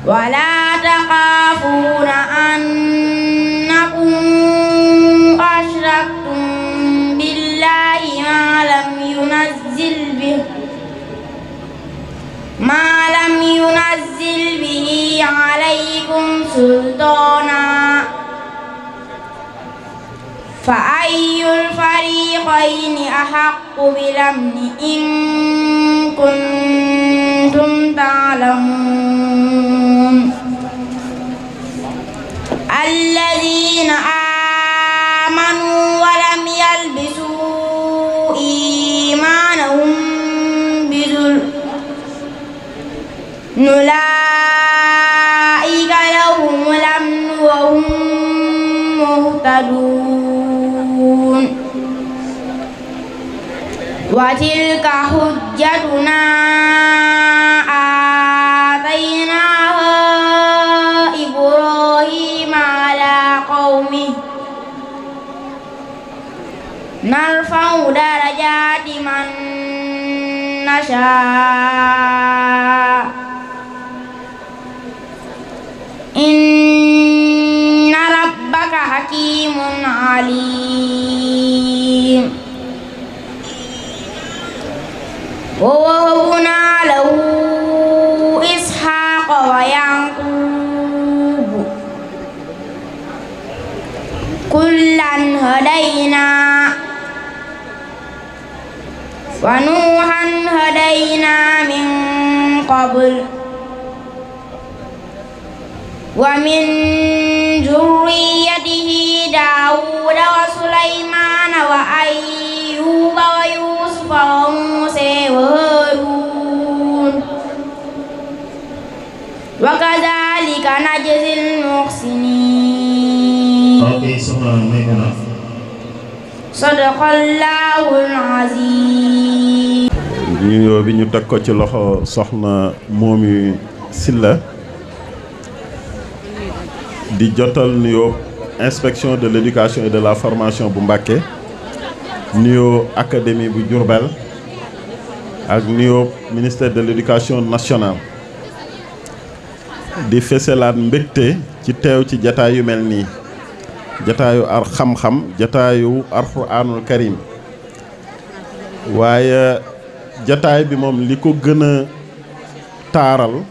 ولا تخافون أنكم أشركتم بالله ما لم ينزل به ما لم ينزل به عليكم سلطانا فأي الفريقين أحق بالأمن إن كنتم تعلمون الذين آمنوا أولئك لهم الأمن وهم مهتدون وتلك حجتنا آتيناها إبراهيم على قومه نرفع درجات من نشاء إن ربك حكيم عليم ووهبنا له إسحاق ويعقوب كلا هدينا ونوحا هدينا من قبل ومن ذريته داود وسليمان وأيوب ويوسف وموسى وهارون وكذلك نجزي المحسنين صدق الله العظيم nuyoo bi ñu teg ko ci loxo soxna Momy Sylla di jotal nuyoo inspection de l'éducation et de la formation bu Mbacké nuyoo académie bu Diourbel ak nuyoo ministère de l'éducation nationale di feselaat mbégte ci teew ci jataay yu mel nii jataayu ar xam-xam jataayu alxuraanul karim waaye jataay bi moom li ko gën a taaral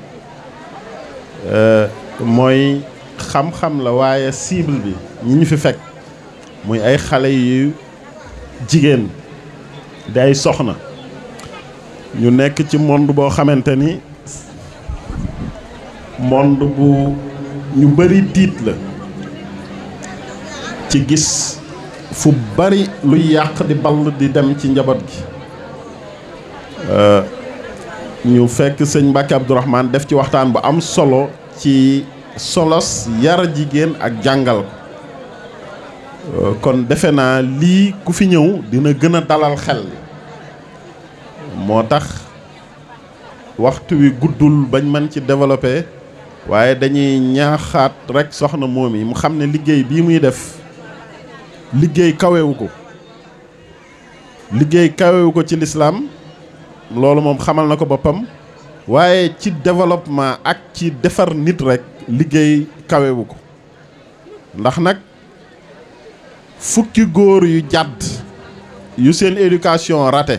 euh, mooy xam-xam la waaye cible bi ñi ñu fi fekk muy ay xale yu jigéen di ay soxna ñu nekk ci monde boo xamante ni monde bu ñu bari tiit la ci gis fu bari lu yàq di ball di dem ci njaboot gi euh, ñu fekk sëñ Mbacke Abdourahmane def ci waxtaan bu am solo ci solos yar jigéen ak jàngal ko euh, kon defe naa lii ku fi ñëw dina gën a dalal xel moo tax waxtu wi guddul bañ mën ci développer waaye dañuy ñaaxaat rekk soxna moom yi mu xam ne liggéey bii muy def liggéey kawewu ko liggéey kawewu ko ci lislaam loolu moom xamal na ko boppam waaye ci développement ak ci defar nit rek liggéey kawewu ko ndax nag fukki góor yu jàdd yu seen éducation raté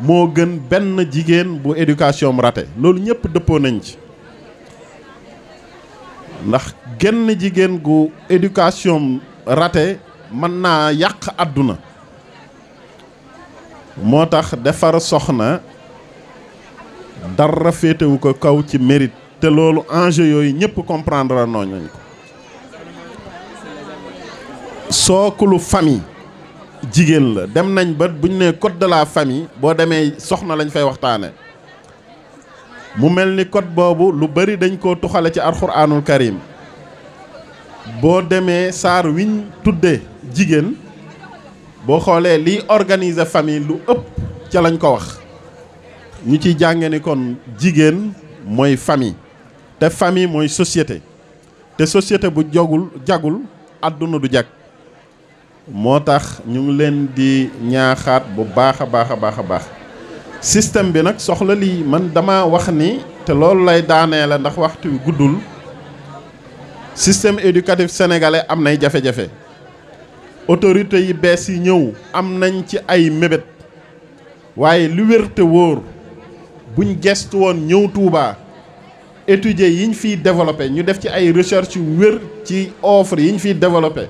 moo gën benn jigéen bu éducation mu raté loolu ñëpp dëppoo nañ ci ndax genn jigéen gu éducation rate mën naa yàq àdduna moo tax defar soxna dara féetewu ko kaw ci mérite te loolu enjeu yooyu ñëpp comprendre noonu nañ ko jigéen la dem nañ ba bu ñu nee code de la famille boo demee soxna lañu fay waxtaane mu mel ni code boobu lu bari dañ koo tuxale ci alxuraanul karim boo demee saar wiñ tudde jigéen boo xoolee liy organiser famille lu ëpp ca lañ ko wax ñu ciy jànge ni kon jigéen mooy famille te famille mooy société te société bu jagul jagul àdduna du jag moo tax ñu ngi leen di ñaaxaat bu baax a baax a baax a baax système bi nag soxla lii man dama wax ni te loolu lay daanee la ndax waxtu wi guddul système éducatif sénégalais am nay jafe-jafe autorité yi bees yi ñëw am nañ ci ay mébét waaye lu wérte te wóor buñ gestu woon ñëw Tuubaa étudier yi ñu fiy développé ñu def ci ay recherche yu wér ci offre yi ñu fiy développé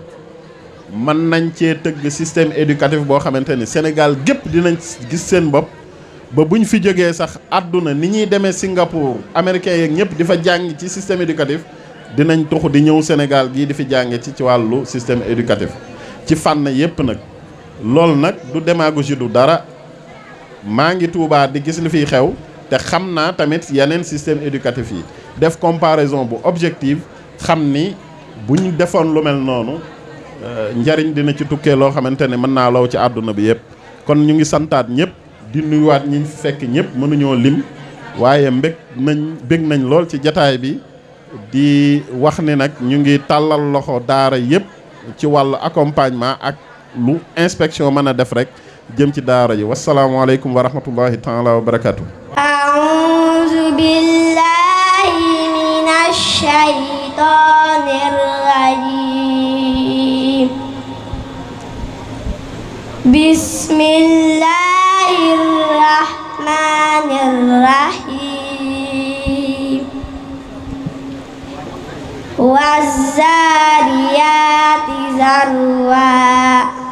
mën nañ cee tëgg système éducatif boo xamante ni Sénégal gépp dinañ gis seen bopp ba bu ñu fi jógee sax àdduna ni ñuy demee Singapour américains yeeg ñëpp di fa jàng ci système éducatif dinañ tuxu di ñëw Sénégal gii di fi jànge ci ci wàllu système éducatif ci fànn yépp nag loolu nag du démagogie du dara maa ngi Tuubaa di gis li fiy xew te xam naa tamit yeneen système éducatif yi def comparaison bu objective xam ni bu ñu defoon lu mel noonu euh, njariñ dina ci tukkee loo xamante ne mën naa law ci àdduna bi yëpp kon ñu ngi santaat ñëpp di nuyuwaat ñi fekk ñëpp mënuñoo lim waaye mbég nañ bég nañ lool ci jataay bi di wax ni nag ñu ngi tàllal loxo daara yëpp ci wàllu accompagnement ak lu inspection mën a def rek jëm ci daara ji wasalaamualeykum wa rahmatullahi taala wa barakaatu. aouzu billahi minash shaytanir rajim. bismillahir rahmanir rahim. wazzariyati zarwa.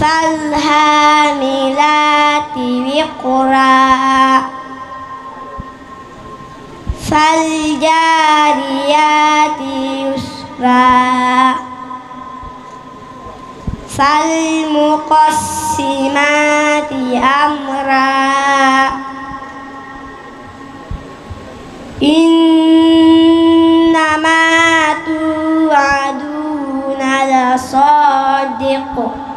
فالهاملات وقرا فالجاريات يسرا فالمقسمات أمرا إنما توعدون لصادق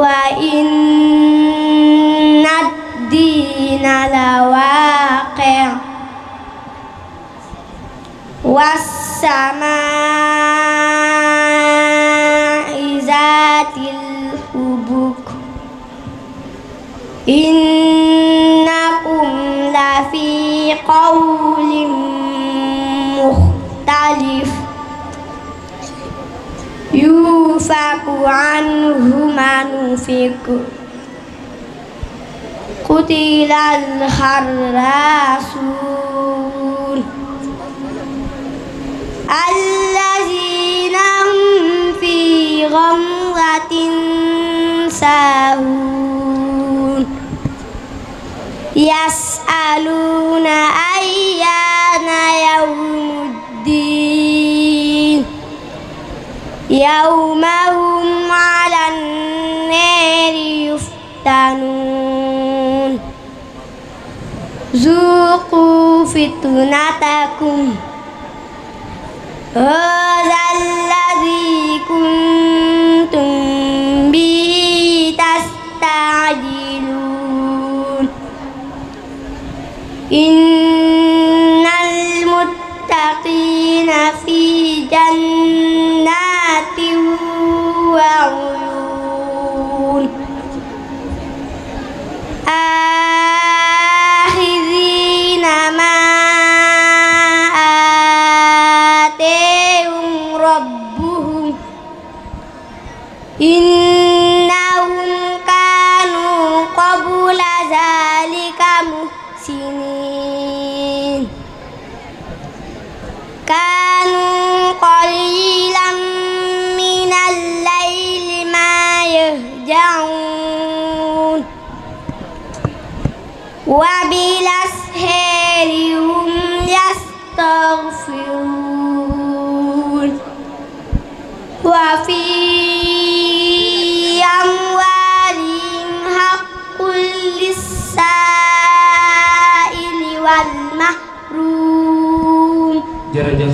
وإن الدين لواقع والسماء ذات الحبك إنكم لفي قول مختلف يوفك عنه من أفك قتل الخراسون الذين هم في غمرة ساهون يسألون أيان يوم الدين يوم هم على النار يفتنون ذوقوا فتنتكم هذا الذي كنتم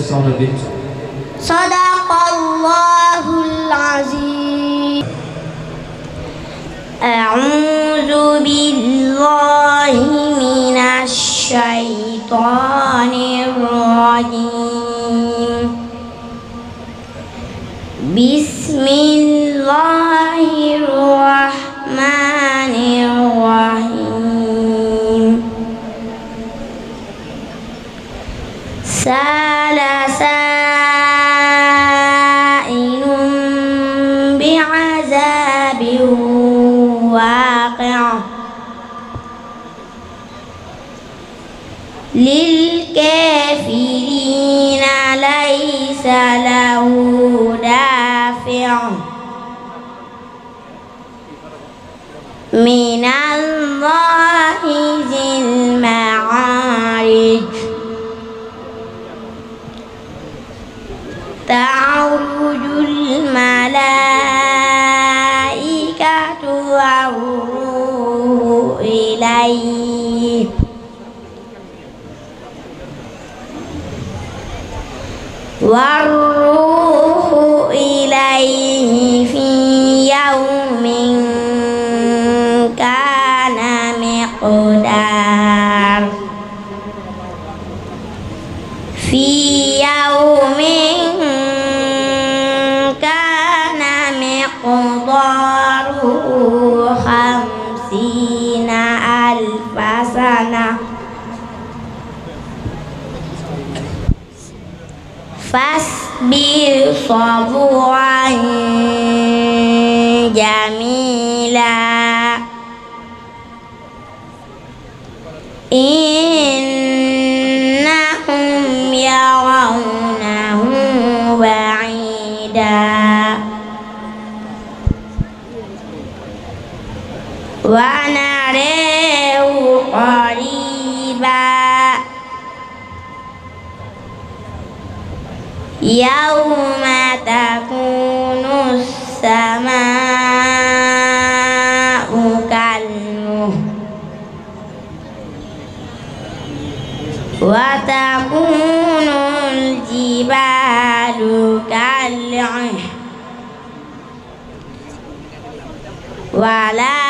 الصادقين صدق الله العظيم أعوذ بالله من الشيطان الرجيم بسم الله الرحمن الرحيم سال سائل بعذاب واقع للكافرين ليس له دافع من الله ذي المعارج تعرج الملائكة والروح إليه والروح إليه في يوم كان مقدار في يوم ربنا فاصبر صبرا جميلا إن يوم تكون السماء كالمهل وتكون الجبال كالعهن ولا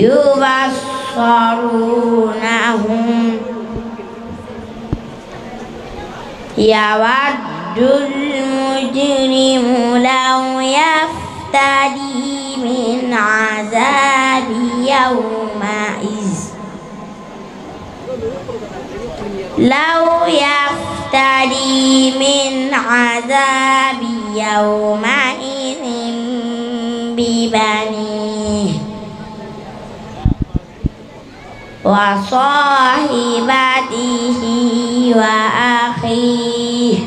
يبصرونهم يود المجرم لو يفتدي من عذاب يومئذ لو يفتدي من عذاب يومئذ ببنيه وصاحبته وأخيه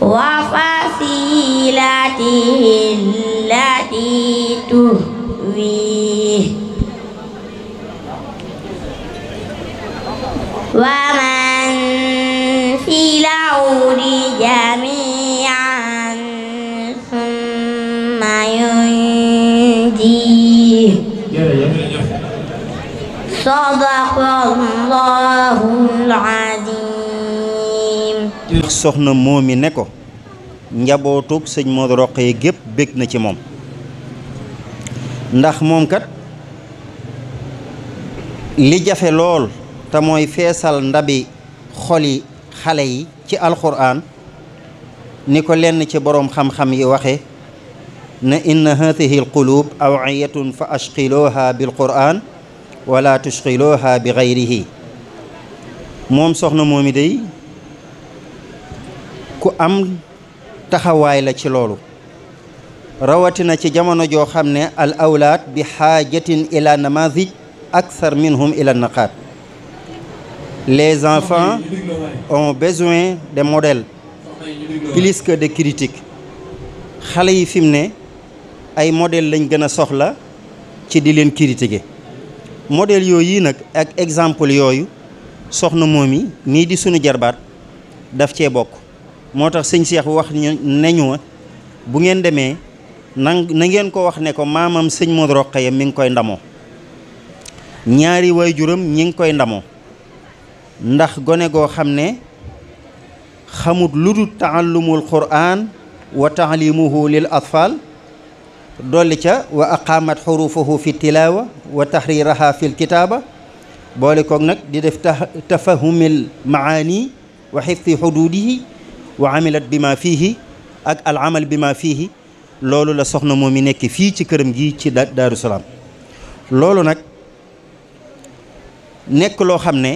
وفصيلته التي تهويه ومن في الأرض جميعا sadaqallahul aziim soxna moomi ne ko njabootug sëñ Modou Rokhaya gépp bég na ci moom ndax moomkat li jafe lool te mooy feesal ndabi xoli xale yi ci alxuraan ni ko lenn ci boroom xam-xam yi waxe na inna haatihi alquluub awiyatun fa ashqiluha bilquraan wala tushxiluha bi gayrihi moom soxna moomi day ku am taxawaay la ci loolu rawatina ci jamono joo xam ne al awlaad bi xaajatin ila namazij akthar minhum ila naqaat les enfants ont besoin de modèles plus de critiques xale yi fi ne ay modèles lañ gën a soxla ci di leen critiquer modèle yooyu yii nag ak exemple yooyu soxna moom yi nii di suñu jarbaat daf cee bokk moo tax sëñ Cheikh wax nañu bu ngeen demee nang na ngeen ko wax ne ko maamam sëñ Modou Rokhaya mi ngi koy ndamoo ñaari waajuram ñi ngi koy ndamoo ndax gone goo xam ne xamut lu dul taallumul quraan wa taalimuhu lil atfal dolli ca wa aqaamat xuruufahu fi tilaawa wa taxriraha fi boole koog nag di def tafahumil maani wa xifti xuduudihi wa amilat bi ma fiihi ak al amal bi ma fiihi loolu la soxna moom mi nekk fii ci këram gi ci daaru salaam loolu nag nekk loo xam ne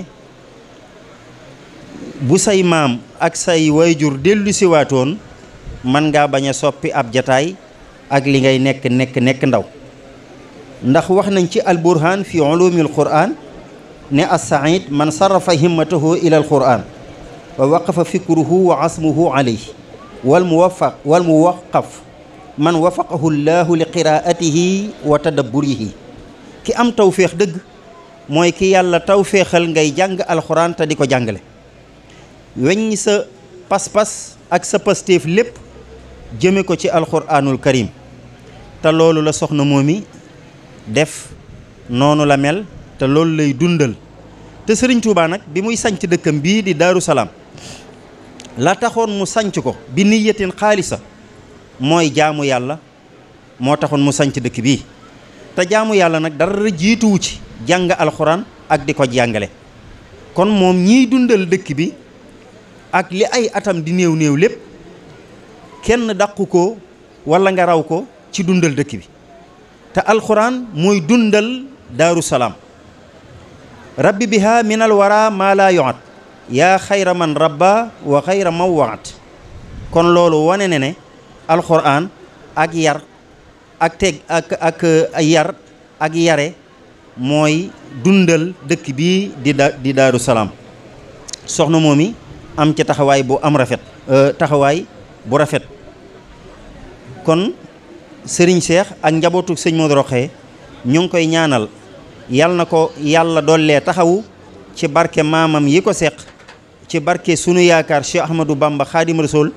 bu say maam ak say wayjur dellu siwaatoon mën ngaa bañ a soppi ab jataay ak li ngay nekk nekk nekk ndaw ndax wax nañ ci alburhan fi ulumil quran ne assaid man sarrafa himmatahu ila al quran wa waqafa fikruhu wa asmuhu alayhi wal muwaffaq wal muwaqqaf man wafaqahu li qiraatihi wa tadabburihi ki am tawféex dëgg mooy ki yàlla tawféexal ngay jàng alxuraan te di ko jàngale weñ sa pas ak sa pastéef lépp jëme ko ci alxuraanul karim te loolu la soxna moom moomi def noonu la mel te loolu lay dundal te sëriñ Touba nag bi muy sanc dëkkam bii di Daaru Salaam la taxoon mu sanc ko bi niyatin xaalisa mooy jaamu yàlla moo taxoon mu sanc dëkk bii te jaamu yàlla nag dara jiituwu ci jàng alxuraan ak di ko jàngale kon moom ñiy dundal dëkk bi ak li ay atam di néew néew lépp kenn dàqu ko wala nga raw ko ci dundal dëkk bi te alxuraan mooy dundal daaru salaam rabbi biha min alwara maa laa yoxat yaa xayra man wa xayra man kon loolu wane ne ne alxuraan ak yar ak teg ak ak yar ak yare mooy dundal dëkk bi di di daaru salaam soxna moomi am ca taxawaay bu am rafet euh, taxawaay bu rafet kon sëriñ Seex ak njabootu sëñ Modou Rokhaya ñu ngi koy ñaanal yal na ko yàlla dollee taxawu ci barke maamam yi ko seq ci barke sunu yaakaar Cheikh Ahmadou Bamba Xaadim Rasul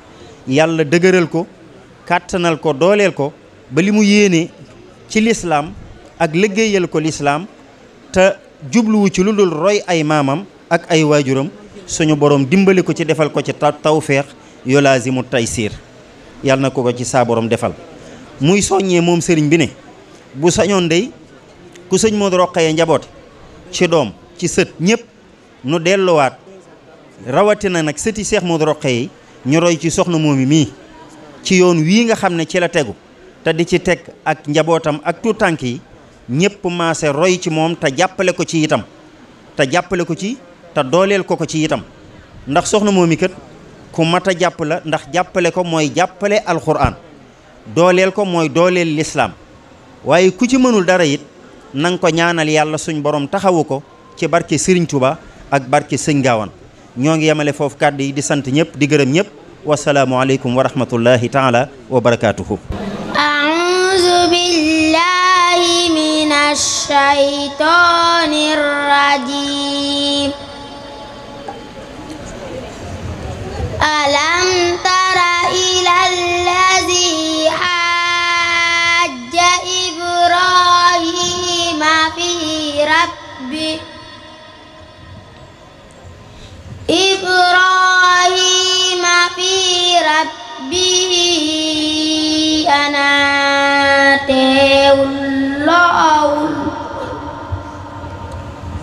yàlla dëgëral ko kàttanal ko dooleel ko ba li mu yéene ci lislaam ak liggéeyal ko lislaam te jubluwu ci lu dul roy ay maamam ak ay waajuram suñu borom dimbali ko ci defal ko ci tawféex yolaazimu siir yàlla na ko ko ci saaboroom defal muy soññee moom sëriñ bi ne bu sañoon day ku sëñ Modou Rokhaya njaboote ci doom ci sët ñëpp nu delluwaat rawatina nag sëti Seex Modou Rokhaya yi ñu roy ci soxna moomi mii ci yoon wii nga xam ne ci la tegu te di ci teg ak njabootam ak tuut tànk yi ñëpp maase roy ci moom te jàppale ko ci itam te jàppale ko ci te dooleel ko ko ci itam ndax soxna moomi kat ku mat a jàpp la ndax jàppale ko mooy jàppale alxuraan dooleel ko mooy dooleel lislaam waaye ku ci mënul dara it na ko ñaanal yàlla suñ borom taxawu ko ci barke Sëriñ Tuba ak barke Sëñ Gaawan ñoo ngi yemale foofu kàddu yi di sant ñëpp di gërëm ñëpp wasalaamu aleykum wa rahmatullahi taala wa barakaatuhu أعوذ بالله من الشيطان الرجيم ألم تر إلى الذي حج إبراهيم في ربه إبراهيم في ربه أن آتيه الله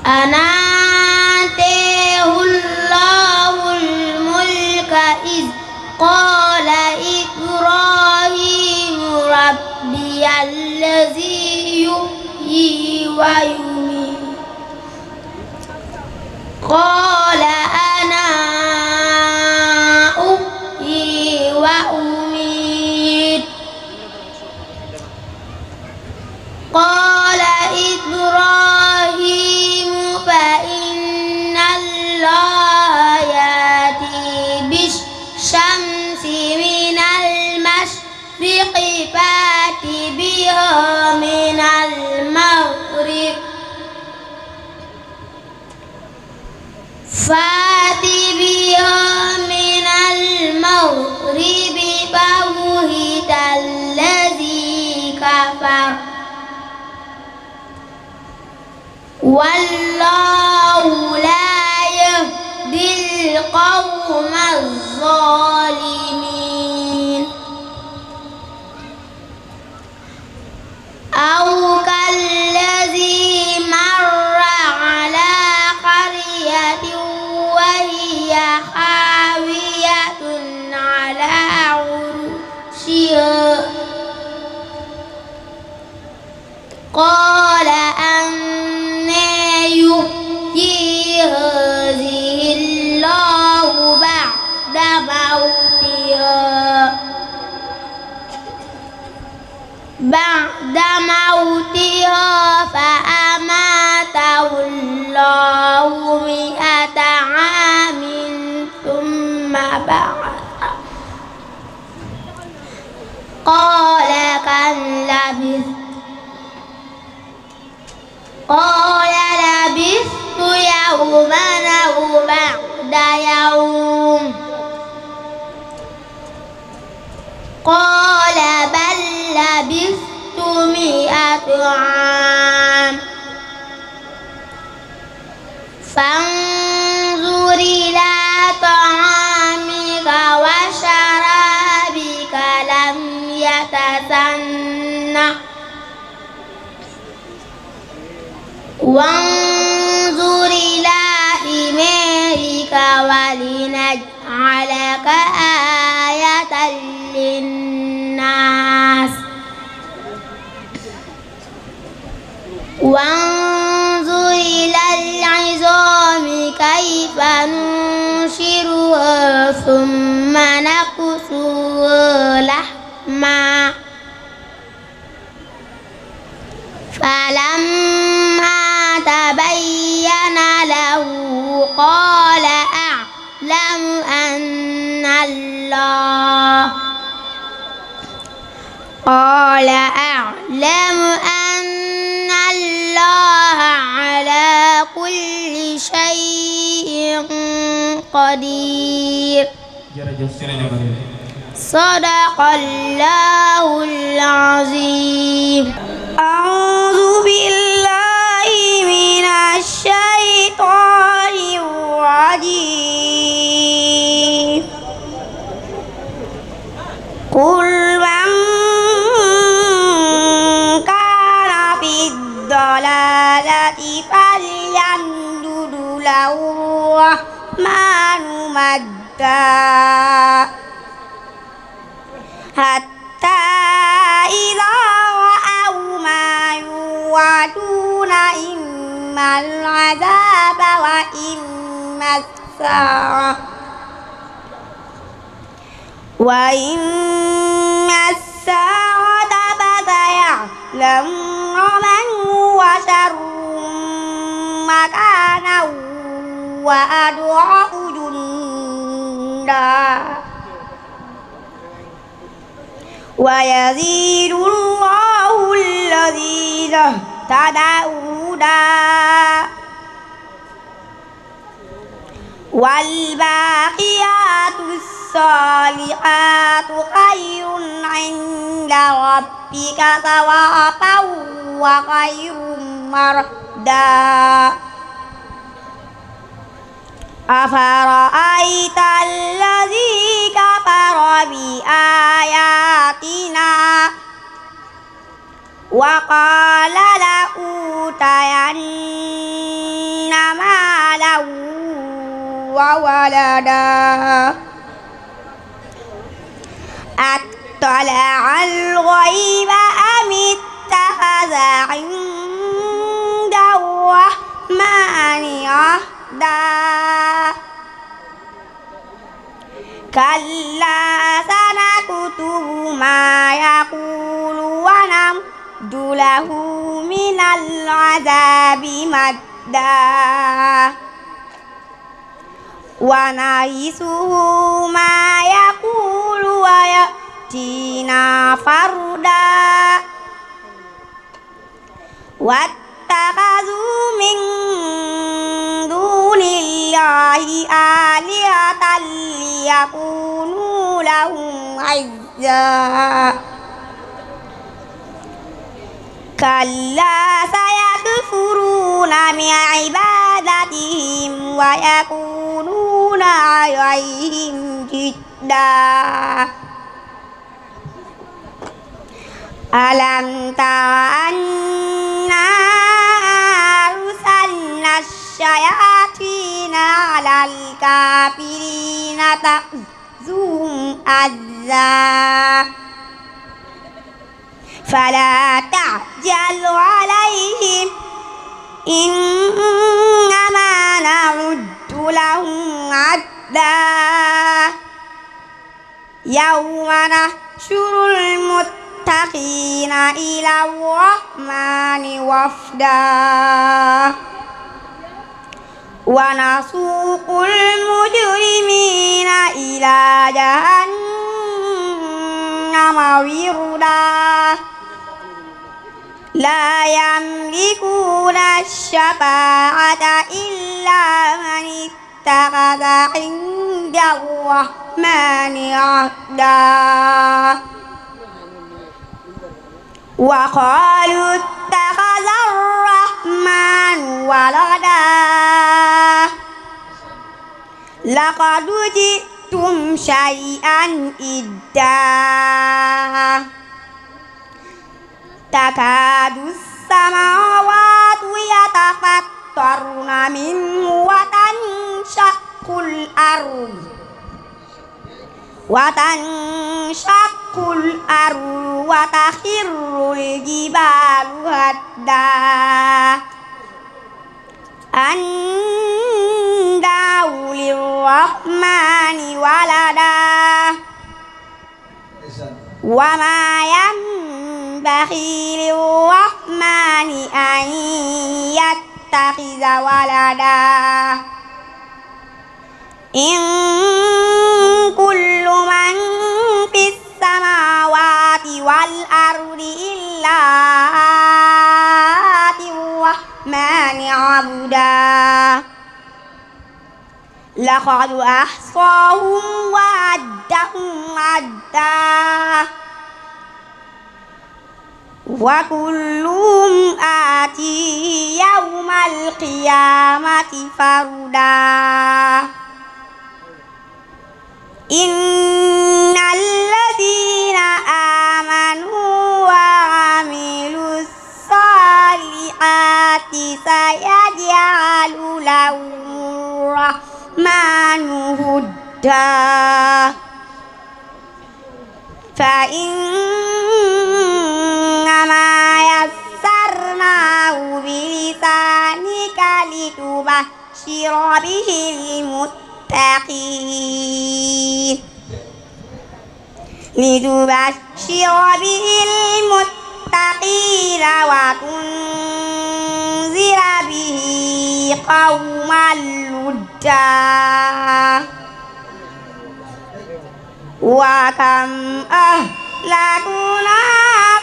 أن آتيه الله إذ قال إبراهيم ربي الذي يحيي ويميت قال أنا أحيي وأميت قال إبراهيم من المغرب فات بها من المغرب فوهد الذي كفر والله لا يهدي القوم الظالمين أو كالذي مر على قرية وهي خاوية على عروشها قال أنى يحيي هذه بعد موتها فأماته الله مئة عام ثم بعثه قال كم لبثت قال لبثت يوما أو بعد يوم قال وانظر إلى حمارك ولنجعلك آية للناس وانظر إلى العظام كيف ننشرها ثم نقصها لحما فلما تبين له قال أعلم أن الله قال أعلم أن الله على كل شيء قدير صدق الله العظيم أعوذ بالله من الشيطان الرجيم قل من كان في الضلالة فليمدد له الرحمن مدا حتى إذا رأوا ما يوعدون إن إما العذاب وإما الساعة وإما الساعة فسيعلم من هو شر مكانا وأدعى جندا ويزيد الله الذين تداودا والباقيات الصالحات خير عند ربك ثوابا وخير مردا أفرأيت الذي كفر بآياتنا وقال لأوتين مالا وولدا أطلع الغيب أم اتخذ عند الرحمن عهدا كلا سنكتب ما يقول ونمت أعد له من العذاب مدا ونعيسه ما يقول ويأتينا فردا واتخذوا من دون الله آلهة ليكونوا لهم عزا كلا سيكفرون بعبادتهم ويكونون عليهم جدا ألم تر أنا أرسلنا الشياطين على الكافرين تأذوهم أذى فلا تعجل عليهم إنما نعد لهم عدا يوم نحشر المتقين إلى الرحمن وفدا ونسوق المجرمين إلى جهنم وردا لا يملكون الشفاعة إلا من اتخذ عند الرحمن عهدا وقالوا اتخذ الرحمن ولدا لقد جئتم شيئا إدا تكاد السماوات يتفطرن منه وتنشق الأرض وتنشق الأرض وتخر الجبال هدا أن دعوا للرحمن ولدا وما ينبغي للرحمن أن يتخذ ولدا إن كل من في السماوات والأرض إلا آتي الرحمن عبدا لقد أحصاهم وعدهم عدا وكلهم آتي يوم القيامة فردا إن الذين آمنوا وعملوا الصالحات سيجعل لهم الرحمن هدى فإنما يسرناه بلسانك لتبشر به المتقين فقير لتبشر به المتقين وتنذر به قوما لدا وكم أهلكنا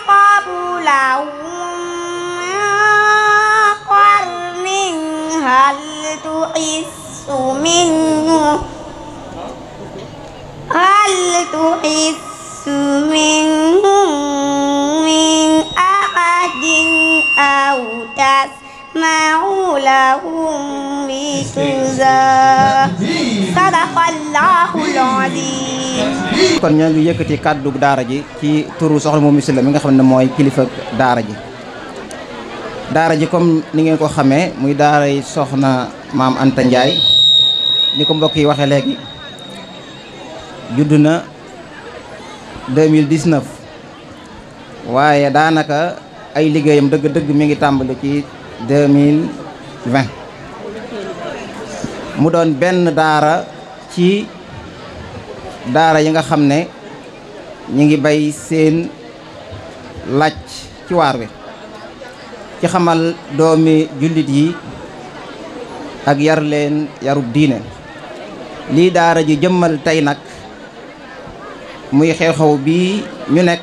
قبلهم من قرن هل تحس منه هل تحس منهم من أحد أو تسمع لهم ركزا صدق الله العظيم kon ñoo ngi yëkkati kàddu daara ji ci turu soxna Momy Sylla mi nga xam ne mooy kilifa daara ji daara ji comme ni ngeen ko xamee muy daaray soxna maam Anta Ndiaye ni ko mbokk yi waxee léegi judd na 2019 waaye daanaka ay liggéeyam dëgg-dëgg mi ngi tàmbali ci 2020 mu doon benn daara ci daara yi nga xam ne ñi ngi bay seen laaj ci wi ci xamal doomi jullit yi ak yar leen yarub diine lii daara ji jëmmal tey nag muy xew-xew bii ñu nekk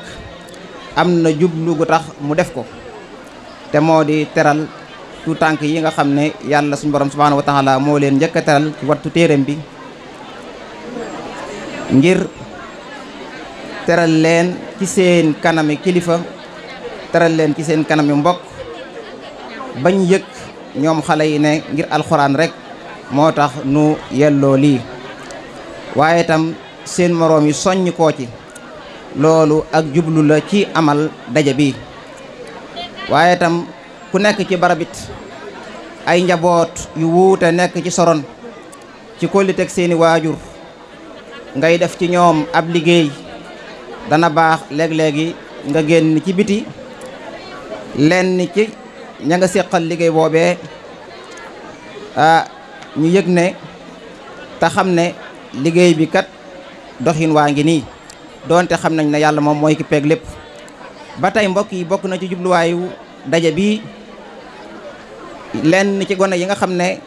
am na jublu gu tax mu def ko te moo di teral tu tànk yi nga xam ne yàlla suñu borom subhaanahu wa taala moo leen njëkk a teral ci wattu téeram bi ngir teral leen ci seen kanami kilifa teral leen ci seen kanami mbokk bañ yëg ñoom xale yi ne ngir alxuraan rekk moo tax nu yelloo lii waaye tam seen moroom yi soññ koo ci loolu ak jublu la ci amal daje bi waaye tam ku nekk ci barabit ay njaboot yu wuute nekk ci soron ci kólliteg seeni waajur ngay def ci ñoom ab liggéey dana baax léeg-léegi nga génn ci biti lenn ci ña nga séqal liggéey boobee ah ñu yëg ne te xam ne liggéey bi kat doxin waa ngi nii donte xam nañ ne yàlla moom mooy ki peeg lépp ba tey mbokk yi bokk na ci jubluwaayu daje bi lenn ci gone yi nga xam ne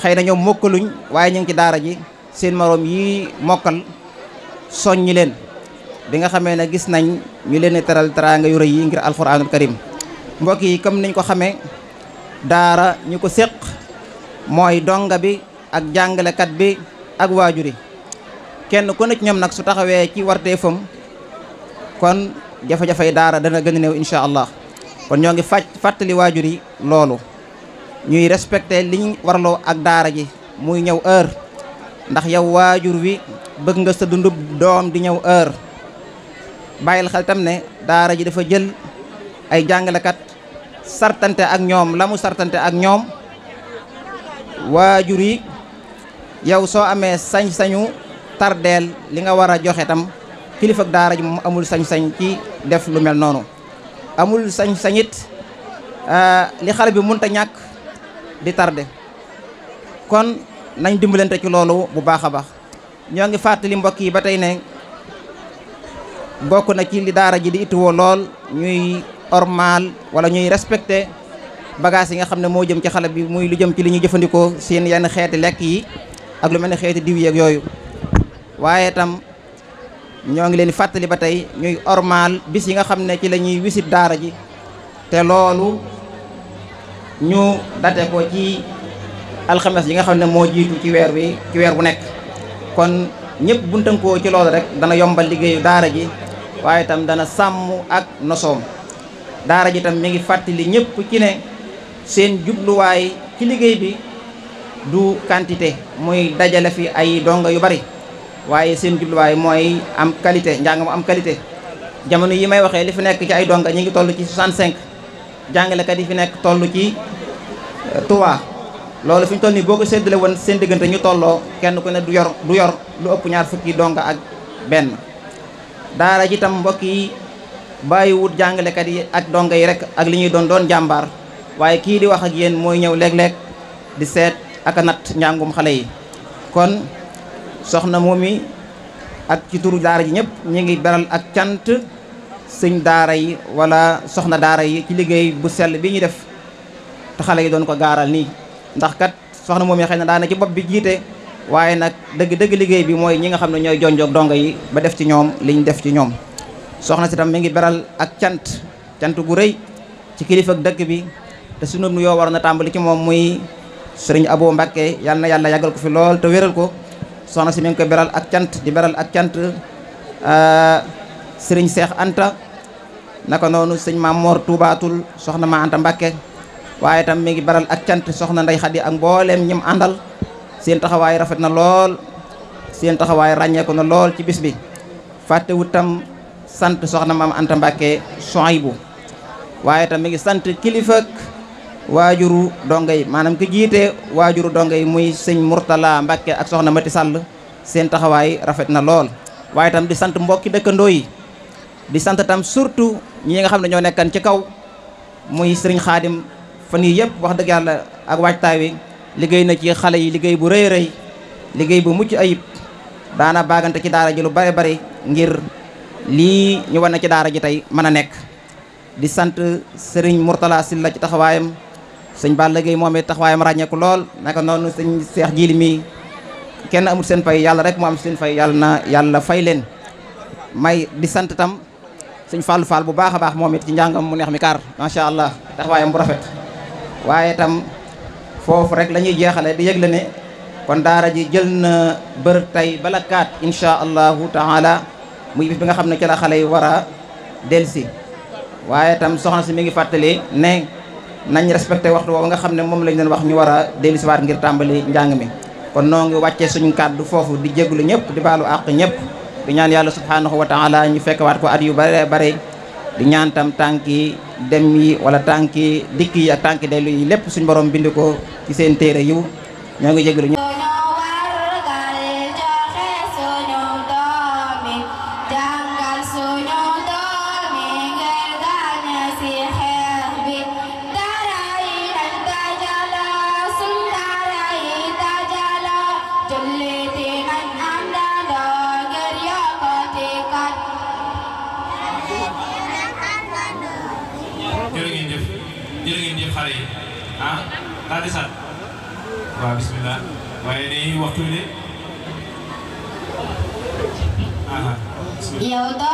xëy na ñoom mokkaluñ waaye ñu ngi ci daara ji seen moroom yi mokkal soññi leen bi nga xamee ne gis nañ ñu leen teral teraanga yu yi ngir alxuraanul karim mbokk yi comme niñ ko xamee daara ñu ko séq mooy donga bi ak jàngalekat bi ak waajur yi kenn ku nekk ñoom nag su taxawee ci warteefam kon jafe-jafey daara dana gën a néew incha allah kon ñoo ngi fàj fàttali waajur yi loolu ñuy respecté liñ warloo ak daara ji muy ñëw heure ndax yow waajur wi bëgg nga sa dundub doom di ñëw heure bàyyil xel tam ne daara ji dafa jël ay jàngalekat sartante ak ñoom lamu mu sartante ak ñoom waajur yi yow soo amee sañ-sañu tardeel li nga war a joxe tam kilifa daara ji moom amul sañ-sañ ci def lu mel noonu amul sañ-sañit euh, li xale bi mënta ñàkk di tarde kon nañ dimbalante ci loolu bu baax a baax ñoo ngi fàttali mbokk yi ba tey ne bokk na ci li daara ji di ittuwoo lool ñuy ormaal wala ñuy respecté bagage yi nga xam ne moo jëm ci xale bi muy lu jëm ci li ñuy jëfandikoo seen yenn xeeti lekk yi ak lu mel ne xeeti diw yeeg yooyu waaye tam ñoo ngi leen fàttali ba tey ñuy ormaal bis yi nga xam ne ci la ñuy wisit daara ji te loolu ñu date ko ci alxames yi nga xam ne moo jiitu ci weer wi ci weer bu nekk kon ñëpp bu tënkoo ci loolu rek dana yombal liggéeyu daara ji waaye itam dana sàmm ak nosoom daara ji tam mi ngi fàttali ñëpp ci ne seen jubluwaay ci liggéey bi du quantité muy dajale fi ay dongo yu bari waaye seen jubluwaay mooy am qualité njàng mu am qualité jamono yi may waxee li fi nekk ci ay donga ñi ngi tollu ci 65 jàngalekat yi fi nekk toll ci 3 euh, loolu fi ñu toll nii boo ko séddale seen diggante ñu tolloo kenn ku ne du yor du yor lu ëpp ñaar fukki donga ak benn daara ji tam mbokk yi bàyyiwut jàngalekat yi ak donga yi rek ak li ñuy doon doon jàmbaar waaye kii di wax ak yéen mooy ñëw léeg-léeg di seet ak a natt njàngum xale yi kon soxna yi ak ci turu daara ji ñëpp ñu ngi beral ak cant sëñ daara yi wala soxna daara yi ci liggéey bu sell bi ñuy def te xale yi doon ko gaaral nii ndax kat soxna yi xëy na daana ci bopp bi jiite waaye nag dëgg-dëgg liggéey bi mooy ñi nga xam ne ñooy jonjook dongo yi ba def ci ñoom liñ def ci ñoom soxna si tam mi ngi beral ak cant cant gu rëy ci kilifa ak dëkk bi te sunu nuyoo war na tàmbali ci moom muy sëriñ Abo Mbacke yàlla na yàlla yàggal ko fi lool te wéral ko soxna si mi ngi koy beral ak cant di beral ak cant sëriñ euh, Seex Anta naka noonu sëñ Maam Mor Tuubaatul soxna ma Anta Mbacke waaye tam mi ngi beral ak cant soxna Ndey Xadi ak mbooleem ñim àndal seen taxawaay rafet na lool seen taxawaay ràññeeku na lool ci bis bi fàttewut tam sant soxna maam Anta Mbacke Sohaybu waaye itam mi ngi sant kilifa waajuru donga yi maanaam ki jiite waajuru donga yi muy sëñ Mourtala Mbacke ak soxna Mati Sall seen taxawaay rafet na lool waaye itam di sant mbokki dëkkandoo yi di sant tam surtout ñi nga xam ne ñoo nekkan ci kaw muy sëriñ xaadim fan yii yëpp wax dëgg yàlla ak waajtaay wi liggéey na ci xale yi liggéey bu rëy rëy liggéey bu mucc ayib daana baagante ci daara ji lu bare bare ngir lii ñu wan na ci daara ji tey mën a nekk di sant sëriñ Mourtala Sylla ci sëñ Balla Gueye moom it taxawaayam ku lool naka noonu sëñ Seex Jiili mi kenn amul seen fay yàlla rek mu am seen fay yàlla na yàlla fay leen may di sant tam sëñ Fallou Fall bu baax a baax moom it ci njàngam mu neex mi kaar macha allah waayam bu rafet waaye tam foofu rek lañuy ñuy jeexale di yëgle ne kon daara ji jël na bër tey bala kaat incha allahu taala muy bis bi nga xam ne ci la xale yi war a delsi waaye tam soxna si mi ngi fàttali nañ respecté waxtu woowu nga xam ne moom lañ leen wax ñu war a dellusiwaat ngir tàmbali njàng mi kon noo ngi wàccee suñu kàddu foofu di jégalu ñëpp di baalu àq ñëpp di ñaan yàlla subhaanahu wa taala ñu fekkewaat ko at yu bare bare di ñaan tam tànki dem yi wala tànki dikk yi ak tànki dellu yi lépp suñ borom bind ko ci seen téere yiw ñoo ngi jégalu Leo